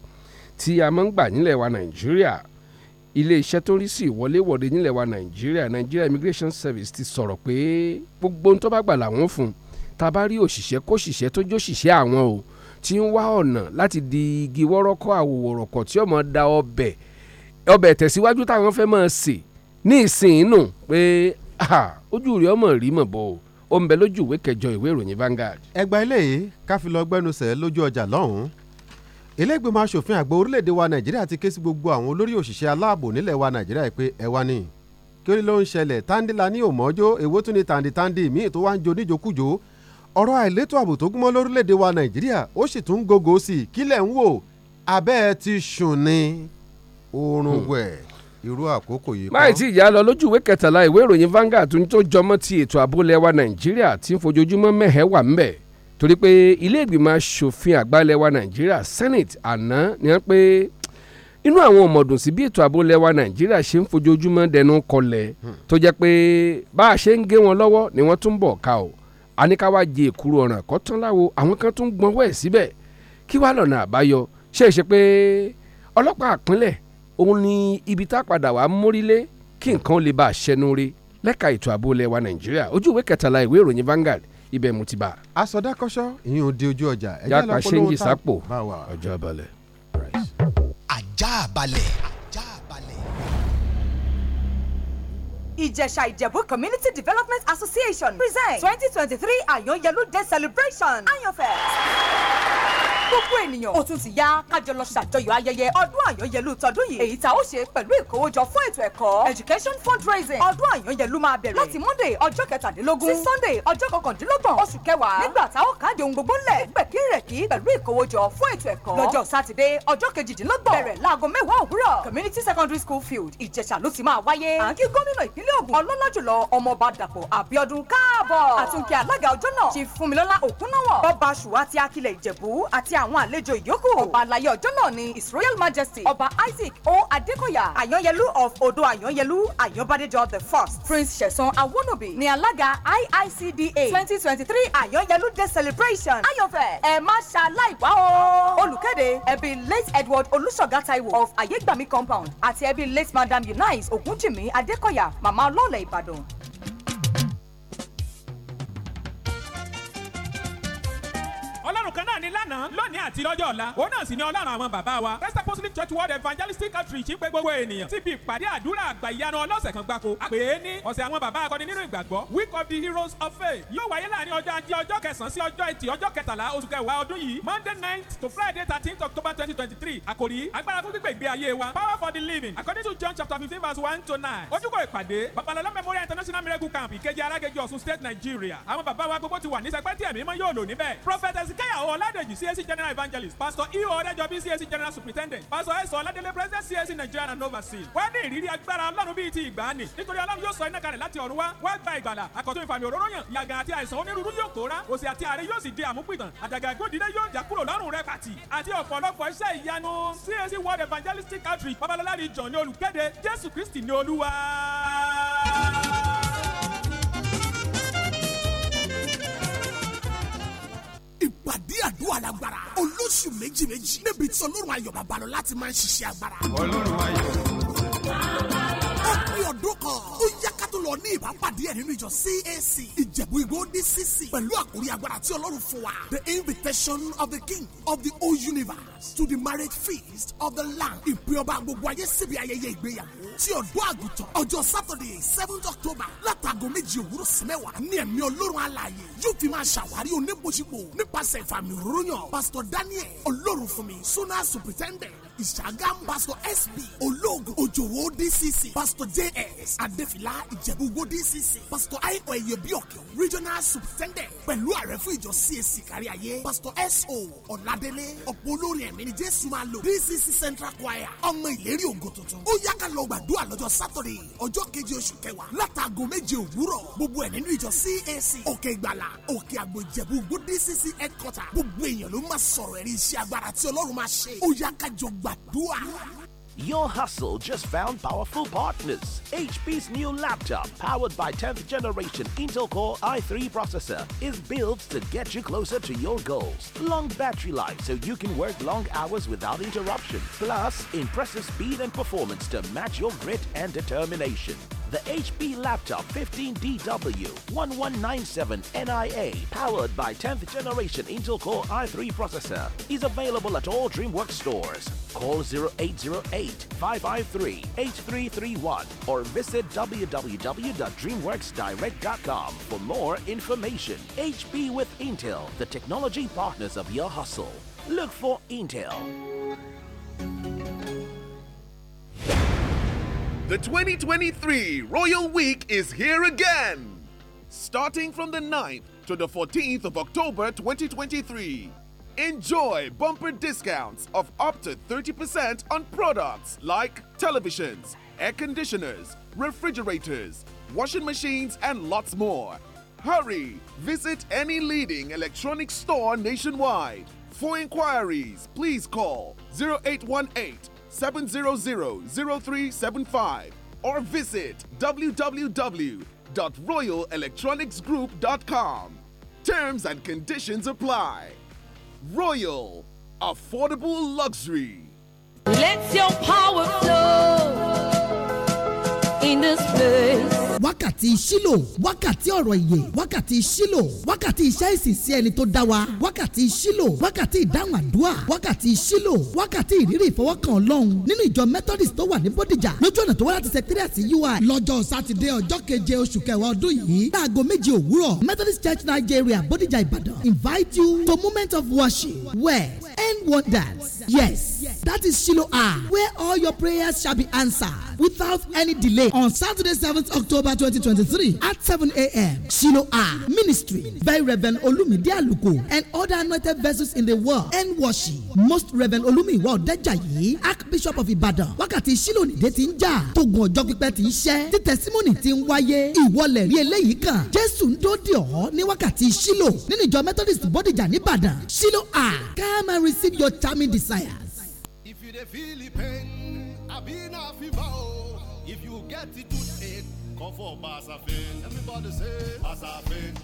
tí a máa ń gbà nílẹ̀ wa Nàìjíríà iléeṣẹ́ tó ń rí sí ìwọléwọ̀de nílẹ̀ wa Nàìjíríà Nigeria Immigration Service ti sọ̀rọ̀ pé gbogbo ohun tó bá gbà làwọn fún un tá a bá rí òṣìṣẹ́ kóṣìṣẹ́ tó jóṣìṣẹ́ àwọn o tí ń wá ọ̀nà láti di igi wọ́rọ́kọ́ àwòwọ̀rọ̀kọ̀ tí ọmọ da ọbẹ̀ ọbẹ̀ tẹ̀síwájú táwọn fẹ́ máa sè ní ìsìn inú pé ojú rẹ̀ ọmọ rí mọ̀ bọ́ o ń bẹ lójú ìwé kẹjọ ìwé ìròyìn Vanguard. ẹgbà ilé yìí káfí lọ gbẹnusẹ̀ lójú ọjà lọ́hùn-ún ilégbèmọ̀ asòfin àgbà orílẹ̀-èdè wa Nàìjíríà ti ké sí gbogbo àwọn olórí òṣìṣẹ́ aláàbò nílẹ̀ wa Nàìjíríà pé ẹ wá ní kí ló ń ṣẹlẹ̀ tàǹdìlà ní òmọ́jọ́ èwo tún ni tàǹdìtàǹdì míì tó wá ń jo níjokújo ọ̀rọ̀ àìlétò ààbò tó gúnmọ́ lórílẹ̀‐èdè wa nàìjíríà ó sì tún gògó sí i kílẹ̀ ń wò abẹ́ ẹ ti sùn ni oorun hmm. wẹ̀ irú àkókò yìí kọ́. báyìí tí ìyá lọ lójú ìwé kẹtàlá ìwé ìròyìn Vanguard tó jọmọ́ ti ètò ààbò wa nàìjíríà tí ń fojoojúmọ́ mẹ́hẹ̀ẹ́ wà ńbẹ̀ torí pé ilé ìgbìmọ̀ asòfin àgbà wa nàìjíríà senate àná ni wọ́n pé inú àwọn ọmọdùn sí bí ètò ààbò ilẹ̀ wa nàìjíríà ṣe ń fojoojúmọ́ dẹnu kọlẹ̀ hmm. tó jẹ́ pé bá a ṣe ń gé wọn lọ́wọ́ ni wọ́n tún bọ̀ ká o àníkáwá jẹ èkúrò ọ̀ràn kọ́ tán láwo àwọn kan tún gbọ́nwọ́ ẹ̀ síbẹ̀ kí wàá lọ́nà àbáyọ ṣe é ṣe pé ọlọ́pàá àpínlẹ̀ òun ni ibi tá a padà wàá mórílé kí nǹkan lè bá a ṣẹnu rí lẹ́ka ètò ààbò ilẹ̀ wa nàìjíríà ojú ìwé kẹtàlá ìwé ìròyìn Vanguard ibẹ̀ mo ti bá. asọdákọ́ṣọ́ ìyẹn ò de ojú ọjà ẹ̀jẹ̀ lọ́pọ̀lọpọ̀ tá a bá wà. ọjọ́ balẹ̀. ajá balẹ̀. Ìjẹ̀ṣà Ìjẹ̀bú Community Development Association present twenty twenty three Àyànyẹlú Day celebration Ayanfest gbogbo ènìyàn ó tún ti yá kájọ lọ ṣàjọyọ̀ ayẹyẹ ọdún àyànyẹlú tọdún yìí èyí tá ó ṣe pẹ̀lú ìkówójọ fún ètò ẹ̀kọ́ education fundraising ọdún àyànyẹlú máa bẹ̀rẹ̀ láti monday ọjọ́ kẹtàdínlógún sí sunday ọjọ́ kọkàndínlọ́gbọ̀n oṣù kẹwàá nígbà tá ó káàdì ohun gbogbo ńlẹ̀ pẹ̀kírẹ̀kí pẹ̀lú ìkówójọ fún ètò ẹ̀kọ́ lọ́jọ́ sátidé ọjọ́ kejìdínlọ́gbọ̀n bẹ̀rẹ̀ láago mẹ́wàá òwúrọ̀ community secondary school field ìjẹ̀ṣà ló ti máa wáyé à ń kí gómìnà ìpínlẹ̀ ògùn ọlọ́lá jùlọ ọmọọba dàpọ̀ àbíọ́dún káàbọ̀ àtúnkẹ́ alága ọjọ́ náà ti fúnmilọ́lá òkúnnáwọ̀ ṣe àwọn àlejò ìyókù ọba àlàyé ọjọ́ náà ni his royal majesty ọba isaac o Adekoya, àyànyẹlú of odo àyànyẹlú àyànbádéjọ the first prince ṣẹ̀san awónòbí ni alága iicda twenty twenty three àyànyẹlú day celebration ayọ̀fẹ́ ẹ má ṣaláìwá o olùkéde ẹbí late edward olùṣọ́gá taiwo of ayégbàmí compound àti ẹbí late madam eunice ògúnjìmí Adekoya, Mama ọlọ́ọ̀lẹ̀ ìbàdàn lánàá lónìí àti lọ́jọ́ ọ̀la òun náà sì ni ọlọ́run àwọn bàbá wa first apostolic church world evangelistic outreach ń gbogbo ènìyàn síbi ìpàdé àdúrà àgbà ìyanu ọlọ́sẹ̀ kan gbáko àpè é ní ọ̀sẹ̀ àwọn bàbá akọni nínú ìgbàgbọ́ week of the heroes of faith yóò wáyé láàrin ọjọ́ ajé ọjọ́ kẹsàn-án sí ọjọ́ ẹtì ọjọ́ kẹtàlá oṣù kẹwàá ọdún yìí monday ninth to friday thirteenth october twenty twenty three àkòrí agbára fún gbígbé ìgbé ayé wa power for the living according to john chapter fifteen verse one to nine ojúkọ ìpàdé babalọlá memorial international miracle camp ìkejì arágéjì ọ̀ṣun state nigeria àwọn bàbá wa gbogbo ti wà ní sẹpẹ́tì ẹ̀mí mọ́ yóò lò níbẹ̀ prophet ezekiel ọ̀làdèjì Adeniyi, CAC General Evangelist, Pastor E.O. Ọ̀dẹ́jọ́bí, CAC General Superintendent, Pastor S.O. Ọládélé, President CAC Nigeria and overseas. Wọ́n ní ìrírí agbára Ọlọ́run bíi ti ìgbàanì. Nítorí Ọlọ́run yóò sọ iná kalẹ̀ láti ọ̀run wá. Wọ́n gba ìgbàlà, àkọ́tún ìfàmì òróró yàn, ìyàgàn àti àìsàn onírúurú yóò kóra. Òsì àti àárẹ̀ yóò sì di àmúpìtàn. Àjàgà ìgbòdìdé yóò jà kúrò lọ́rùn rẹ pàtì. Àti ọ̀pọ̀lọpọ̀ iṣẹ́ ìyanu. CAC World Evangelistic Outreach, Babalọ́lá Region ni olùkéde. Jésù Kristi ni Olúwa. ìpàdé àdúrà lágbára olóṣù méjì méjì níbi tí ọlọ́run ayọ̀ babalọ láti máa ń ṣiṣẹ́ agbára. ọlọ́run ayọ̀. ó pín ọdún kan ó yá ká lọ ní ìbápàdé ẹ̀ nínú ìjọ CAC ìjẹ̀bú ìgbó ní CC pẹ̀lú àkórí agbára tí ọlọ́run fún wa the invitation of the king of the whole universe to the marriage feast of the land ìpè ọba gbogbo ayé síbi ayẹyẹ ìgbéyàwó tí ọ̀dọ́ àgùntàn ọjọ́ Saturday seventh October látàgọ́ méjì òwúrọ̀ sí mẹ́wàá ní ẹ̀mí ọlọ́run alààyè yóò fi máa ṣàwárí oníbòjìpò nípasẹ̀ ìfàmì òróyàn Pastor Daniel Olórunfúnmi Suna Superintendent Ìṣàgámù Pastor SB Olóògùn Òjòwò DCC Pastor JS Adéfìlá Ìjẹ̀bú ìjẹ̀bú-wó dcc pastor aiko eyebi ọ̀kẹ́ regional superintendent pẹ̀lú ààrẹ fún ìjọ cac kárí ayé pastor so ọ̀ladélé ọ̀pọ̀ olórin ẹ̀mí ni jésù máa lò dcc central choir ọmọ ìlérí ògo tuntun ó yá ká lọ gbàdúrà lọ́jọ́ saturday ọjọ́ keje oṣù kẹwàá látàgò méje òwúrọ̀ gbogbo ẹ̀ nínú ìjọ cac òkè ìgbàlà òkè àgbò ìjẹ̀bú-wó dcc headquarter gbogbo èèyàn ló máa sọ̀rọ̀ ẹ̀rí Your hustle just found powerful partners. HP's new laptop, powered by 10th generation Intel Core i3 processor, is built to get you closer to your goals. Long battery life so you can work long hours without interruption. Plus, impressive speed and performance to match your grit and determination. The HP Laptop 15DW1197NIA, powered by 10th generation Intel Core i3 processor, is available at all DreamWorks stores. Call 0808-553-8331 or visit www.dreamworksdirect.com for more information. HP with Intel, the technology partners of your hustle. Look for Intel. The 2023 Royal Week is here again! Starting from the 9th to the 14th of October 2023. Enjoy bumper discounts of up to 30% on products like televisions, air conditioners, refrigerators, washing machines, and lots more. Hurry! Visit any leading electronics store nationwide. For inquiries, please call 0818 700-0375 or visit www.royalelectronicsgroup.com. Terms and conditions apply. Royal Affordable Luxury. Let your power flow in this place. wákàtí sílò wákàtí ọ̀rọ̀ ìyè wákàtí sílò wákàtí iṣẹ́ ìsìnsí ẹni tó dá wa wákàtí sílò wákàtí ìdáhùn àdúrà wákàtí sílò wákàtí ìrírí ìfọwọ́kàn ọlọ́run nínú ìjọ methodist tó wà ní bódìjà lójú ọ̀nà tó wá láti sẹkítírìàtì ui lọ́jọ́ sátidé ọjọ́ keje oṣù kẹwàá ọdún yìí láago méje òwúrọ̀ methodist church nigeria bódìjà ìbàdàn invite you to moment of worship where end wonders Yes, that is Shiloh where all your prayers shall be answered without any delay on Saturday, 7th October 2023 at 7 a.m. Shiloh Ministry by Reverend Olumi Aluko and other anointed vessels in the world and worship. Most Reverend Olumiwa Ọ̀dẹ́jàyí, Archbishop of Ibadan, Wakati Shiloh ni ti ń jà, tógun ọjọ́ pípẹ́ ti ń ṣẹ́, tí tẹ̀símọ́nì ti ń wáyé, ìwọlẹ̀ rí eléyìí kan. Jésù ń dóde Shiloh nínú ìjọ Methodist body ní Ìbàdàn. Shiloh, come and receive your charming desire. desires. If you feel pain, I be a fever. Oh. If you get it toothache, come for Basafin. Everybody say Basafin,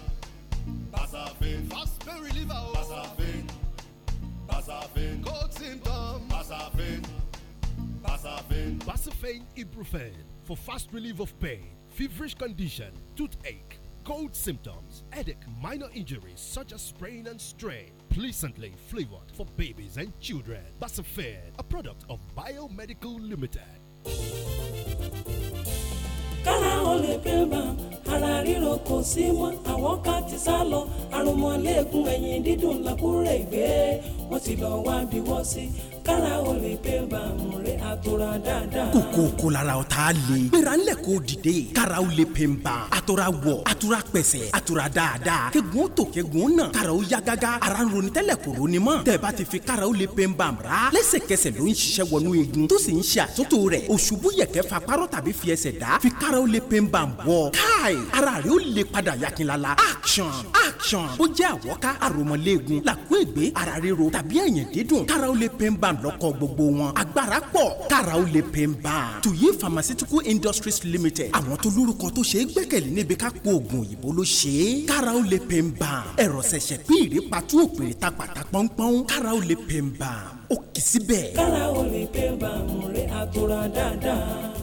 Basafin. Fast pain reliever, Basafin, oh. Basafin. Cold symptom, Basafin, Basafin. Basafin Ibuprofen for fast relief of pain, feverish condition, toothache, cold symptoms, headache, minor injuries such as sprain and strain pleasantly flavored for babies and children. Basafair, a product of Biomedical Limited. kára ó lè pé mà ara ríro kò sí mọ́ àwọn ká ti sá lọ àrùnmọ́lẹ́gùn ẹ̀yìn dídùn làkúrẹ́ ìgbé wọ́n ti lọ wá bí wọ́n sí kára o lè pé bàmù rẹ̀ àtọ́ra dáadáa. kòkòkò lára ọ̀tá le. gbéra ńlẹ̀ kò dìde. kára o lè pè ń àtọ́ra wọ̀ àtọ́ra pẹ̀sẹ̀ àtọ́ra dáadáa. kẹ́gun tó kẹ́gun náà. kára o ya gágá. ara ń ronú tẹ́lẹ̀ kò ronú mọ́. tẹ̀bá ti fi kára o lè pè ń ra. lẹ́sẹ̀kẹsẹ̀ ló ń ṣiṣẹ́ wọnú igun. tó sì ń ṣe àtúntò rẹ̀. òṣùbù yẹ̀kẹ́ fa kára ó lè pe ń bà ń wọ káì ara rẹ̀ ó lè padà yakinlala action action ó jẹ́ àwọ̀ká àròmọ̀léegun làkúègbé ara ríro tàbí ẹ̀yìn dídùn kára ó lè pe ń bà ń lọ́kọ̀ gbogbo wọn agbára pọ̀ kára ó lè pe ń bà. tuyi pharmaceutical industries limited àwọn tó lórúkọ tó ṣe é gbẹ́kẹ̀lé níbi ká po oògùn òyìnbó ló ṣe é kára ó lè pe ń bà ẹ̀rọ ṣẹ̀ṣẹ̀ pín ìrèpàtú òpèrè ta pàtà pọ́npọ́n kára ó lè pe ń bà ó kì í síbẹ̀. kára ó lè pe ń bà mú rẹ̀ àtòrà dáadáa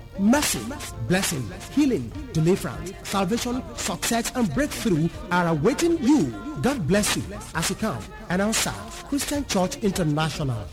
Mercy, blessing, healing, deliverance, salvation, success, and breakthrough are awaiting you. God bless you as you come and answer Christian Church International.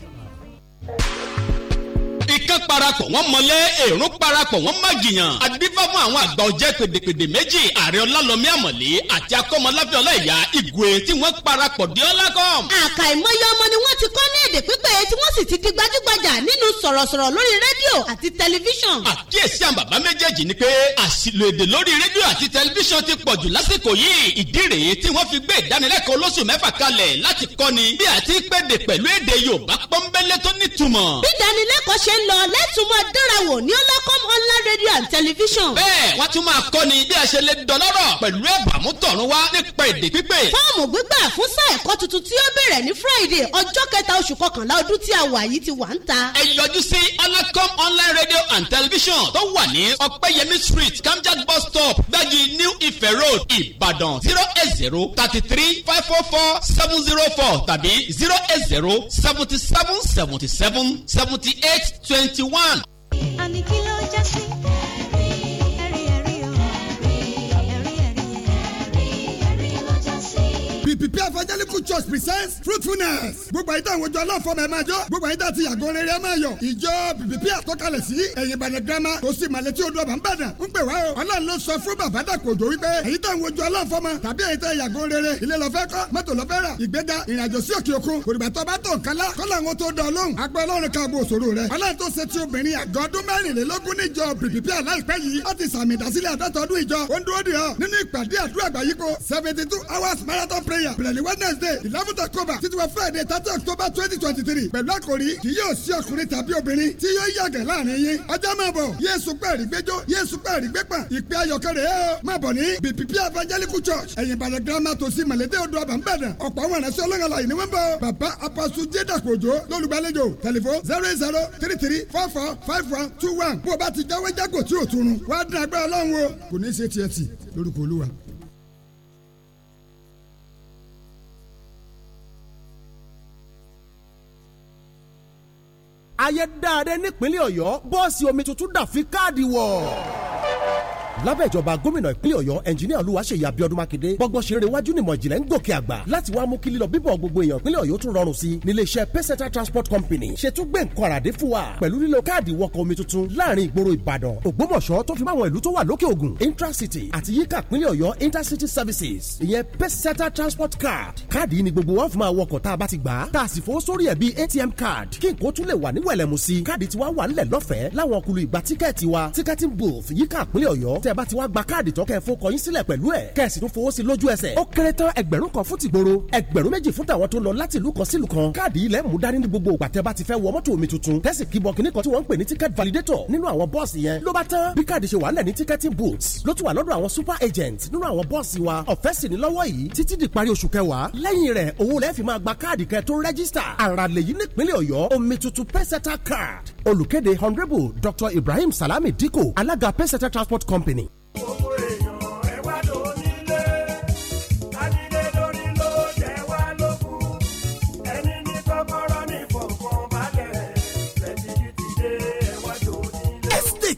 ikán parapọ̀ wọ́n mọ̀lẹ́ èrún parapọ̀ wọ́n má jiyàn adífá fún àwọn àgbà ọ̀jẹ́ pèdèpèdè méjì ààrẹ ọlálọ́mí àmọ̀lé àti akọ́mọláfẹ́ ọláìyá ìgò tí wọ́n parapọ̀ dé ọlákọ́m. àkàìmọye ọmọ ni wọ́n ti kọ́ ní èdè pípé tí wọ́n sì ti di gbajúgbajà nínú sọ̀rọ̀sọ̀rọ̀ lórí rédíò àti tẹlifíṣàn. àkíyèsí àwọn bàbá méjèèjì ni pé àṣìlò èdè lórí rédíò àti tẹlifíṣàn ti pọ̀jù lásìkò yìí ìdí rèé tí wọ́n fi gbé ìdánilẹ́kọ̀ọ́ olóṣù mẹ́fà kalẹ̀ láti kọ́ni bí àti pèdè pẹ̀lú èdè Yorùbá pọ́nbélé tó nítumọ̀. bí ìdánilẹ́kọ̀ọ́ ṣe ń lọ lọ lẹ́tùn máa dára wò ní ọlọ́kọ́m online radio and television. bẹ́ẹ̀ wọ́n tún máa kọ́ ni bí a ṣe lè dọlọ́rọ̀ pẹ̀lú ẹ̀bàmútọ̀run wá nípa èdè pípé. fọ́ọ̀mù gbígbà fún sáà ẹ̀kọ́ tuntun tí ó bẹ̀rẹ̀ ní friday ọjọ́ kẹta oṣù kọkànlá ọdún tí a wà yìí ti wà ń ta. ẹ yọjú sí ọlọ́kọ́m online radio and television tó wà ní ọ̀pẹ́yẹmí street kamjad bus stop gbági new ife road ìbàdàn zero eight zero thirty three five four four seven zero four tàbí zero eight zero seventy seven seventy seven seventy eight twenty. twenty Prepare Evangelical Church presents fruitfulness. Gbogbo àyíká àwọn ojú aláfọ̀mọ̀ ẹ̀ máa jọ́. Gbogbo àyíká ti yàgò rere ẹ̀ máa yọ̀. Ìjọ PPP àtọ́kalẹ̀ sí ẹ̀yìn Ìbàdàn girama kò sí ìmàlẹ̀ tí ó dọ̀ bá ń bàdàn. Ń pè wá o. Ọlọ́run ló sọ fún bàbá Dàkòjò wípé àyíká àwọn ojú aláfọ̀mọ̀ tàbí àyíká yàgò rere ilé lọ fẹ́ kọ́ mọ́tò lọ fẹ́ rà ìgbéga ìrìnàjò sí òkè òkun kò dìgbà tó bá tó nǹkan lá kọ́lá àwọn tó dán lóhùn agbẹ́ seventy two hours marathon prayer bẹ̀rẹ̀ ní wednesday eleven october títí wọ friday thirty october twenty twenty three pẹ̀lú àkòrí kì yóò sí ọkùnrin tàbí obìnrin tí yóò yàgẹ̀ láàrin yín ọjọ́ máa bọ̀ yéésù pẹ̀rí gbẹjọ́ yéésù pẹ̀rí gbẹpà ìpè ayọ̀kẹ́rẹ́ ẹ̀ máa bọ̀ ní bpp evangelical church ẹ̀yìn ìbàdàn girama tòsí mọ̀lẹ́dẹ́ odò àbámbẹ̀dàn ọ̀pọ̀ àwọn ìránṣẹ́ ọlọ́run àlàyé ni wọ́n bọ̀ bàbá apasu jẹ́dàkọ̀jọ́ lólùgbàlejò tẹlifon zero eight zero three three four four five one two one bó o bá ti jáwé jágò tí ò túrun wàá dín agbára ọlọ́run o kò ní í ṣe tiẹ̀ tì ayédáadé nípínlẹ̀ ọ̀yọ́ bọ́ọ̀sì omi tuntun dà fi káàdì wọ̀ lábẹ́ ìjọba gómìnà ìpínlẹ̀ ọ̀yọ́ ẹnjìníà olúwaṣeyì abiodun makinde gbọgbọ́n ṣeré wájú nímọ̀ ìjìnlẹ̀ ń gòkè àgbà láti wá mú kí lílọ bíbọ̀ gbogbo èèyàn ìpínlẹ̀ ọ̀yọ́ tún rọrùn sí nílé iṣẹ́ peseta transport company ṣe tún gbé nǹkan àràdé fún wa pẹ̀lú lílo káàdì wọkọ̀ omi tuntun láàrin ìgboro ìbàdàn ògbómọ̀ṣọ́ tó fi máwọn ìlú tó wà lókè ògùn intracity àti yíká ìpínlẹ̀ ọ̀yọ́ intercity services ìyẹn peseta transport card káàdì yìí ni gbogbo wọn fi máa wọkọ̀ tá a bá ti gbà á tá a sì fowó sórí ẹ̀ bíi atm card kí nǹkó tún lè wà ní wẹ̀lẹ̀mú sí káàdì tiwa wà ńlẹ̀ lọ́fẹ̀ẹ́ láwọn ọkùnrin ìgbà tíkẹ́ẹ̀tì wa ticketing booth yíká ìpínlẹ̀ ọ̀yọ́ tẹ́ bá ti wá gba káàdì tọ́kẹ́ fún kọyín sílẹ̀ pẹ̀lú ẹ̀ kẹ́sì tún fowó sí lójú ẹsẹ̀ ó kéré tán ẹgbẹ̀rún kan fún tìgboro ẹgbẹ̀rún méjì fún tàwọn tó lọ láti ìlú kan sílùú kan káàdì ilẹ̀ mú dání ní gbogbo ìgbà tẹ́ bá ti fẹ́ wọ mọ́tò omi tuntun tẹ́sì kíbọ̀ kínní kan tí wọ́n ń pè ní ticket validator nínú àwọn bọ́ọ̀sì yẹn ló bá tán bí káàdì ṣe wà nílẹ̀ ní ticketing booths ló tún wà lọ́dọ̀ àwọn super agent nínú àwọn bọ́ọ̀sì wa ọ̀fẹ́ sì ní lọ́wọ́ yìí títí di parí oṣù kẹwàá lẹ́yìn rẹ̀ owó lẹ́ẹ̀ fi máa gba káàdì kẹ tó rẹ́gísítà àrà lèyí nípínlẹ̀ ọ̀yọ́ omi tuntun pẹ́sẹ́tà card olùkéde honourable dr ibrahim salami dikko alága pẹ́sẹ́tà transport company happening.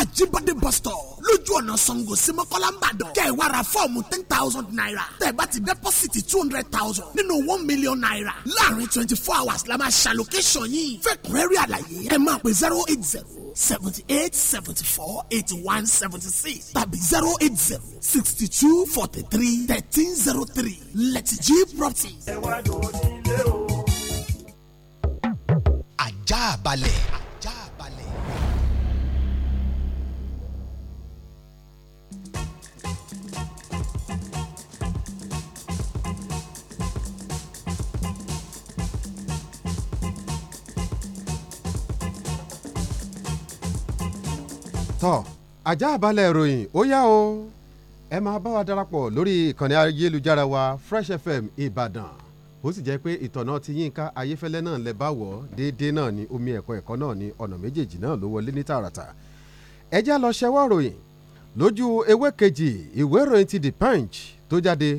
ajibade bus stop lójú ọ̀nà Ṣàngó sí Mọ́kọ́lá Ìbàdàn kẹ́ ẹ̀ wá ra fọ́ọ̀mù ten thousand naira tẹ̀ bá ti deposit two hundred thousand nínú one million naira láàrin twenty four hours la máa ṣàlókẹ́sọ̀n yìí fẹ́kùrẹ́rì àlàyé ẹ máa pè zero eight zero seventy eight seventy four eighty one seventy six tàbí zero eight zero sixty two forty three thirteen zero three letiji property. ẹ ajá balẹ̀. tọ́ ajá àbálẹ̀ ìròyìn ó yá o ẹ máa bá wa darapọ̀ lórí ìkànnì ayélujára wa Fresh FM Ìbàdàn ó sì jẹ́ pé ìtọ̀nà ti Yínká Ayéfẹ́lẹ́ náà lẹ bá wọ̀ déédéé náà ni omi ẹ̀kọ́ ẹ̀kọ́ náà ni ọ̀nà méjèèjì náà ló wọlé ní tààràtà ẹ já lọ ṣẹwọ́ ròyìn lójú ewé kejì ìwé ìròyìn ti The Punch tó jáde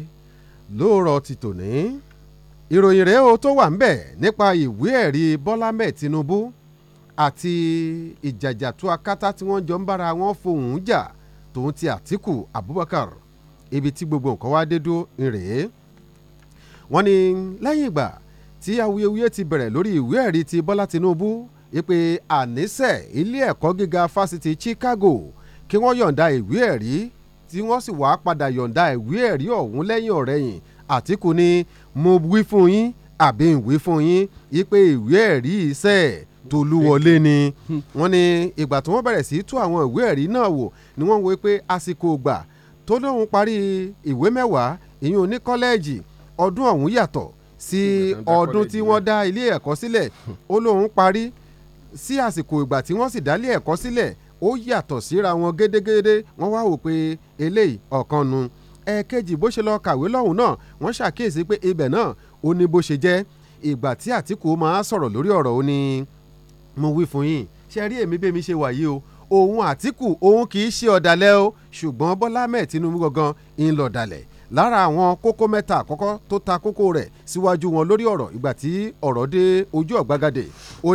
lóòrọ̀ ti tòní ìròyìn rèé o tó wà ń bẹ̀ nípa ìwé ẹ̀rí Bọ́lá Tinubu àti ìjàjàtú akátá tí wọ́n jọ ń bára wọn fohùn jà tòun ti Àtíkù Abubakar ibi tí gbogbo nǹkan wá dé dúró rèé wọ́n ní lẹ́yìn ìgbà tí awuyewuye ti bẹ̀rẹ̀ lórí ìwé ẹ̀rí ti Bọ́lá Tinubu ìpè ànísẹ̀ ilé ẹ̀kọ́ gíga fásitì Chicago kí wọ́n yọ̀ǹda ìwé ẹ̀rí tí wọ́n sì wáá padà yọ̀ǹda ìwé ẹ̀rí ọ̀hún lẹ́yìn ọ̀rẹ́yìn Àtíkù ni mo wí fún yín àbí ń wí fún yín ìpè ìwé ẹ̀rí iṣẹ́ tolúwọlé ni hmm. wọ́n ní ìgbà tí wọ́n bẹ̀rẹ̀ sí tú àwọn ìwé ẹ̀rí náà wò ni wọ́n wo pé àsìkò ògbà tó lóun parí ìwé mẹ́wàá ìyún ní kọ́lẹ́ẹ̀jì ọdún ọ̀hún yàtọ̀ sí ọdún tí wọ́n dá ilé ẹ̀kọ́ sílẹ̀ ó lóun parí sí àsìkò ìgbà tí wọ́n sì dálé ẹ̀kọ́ sílẹ̀ ó yàtọ̀ síra wọn gédégédé wọ́n wá wò pé eléyìí ọ̀kan nu ẹ̀ẹ̀kejì bó ṣe lọ kàwé lọ́hùn náà wọ́n ṣàkíyèsí pé ibẹ̀ náà ó ní bó ṣe jẹ́ ìgbà tí Àtìkù máa sọ̀rọ̀ lórí ọ̀rọ̀ ó ní mo wí fún yín ṣe rí èmi bẹ́ẹ̀ mi ṣe wà o òun Àtíkù òun kì í ṣe ọ̀dàlẹ̀ o ṣùgbọ́n Bọ́lá mẹ́ẹ̀ Tinubu gangan ń lọ dàlẹ̀ lára àwọn kókó mẹ́ta àkọ́kọ́ tó ta kókó rẹ̀ síwájú wọn lórí ọ̀rọ̀ ìgbà tí ọ̀rọ̀ dé ojú ọ̀gbagadè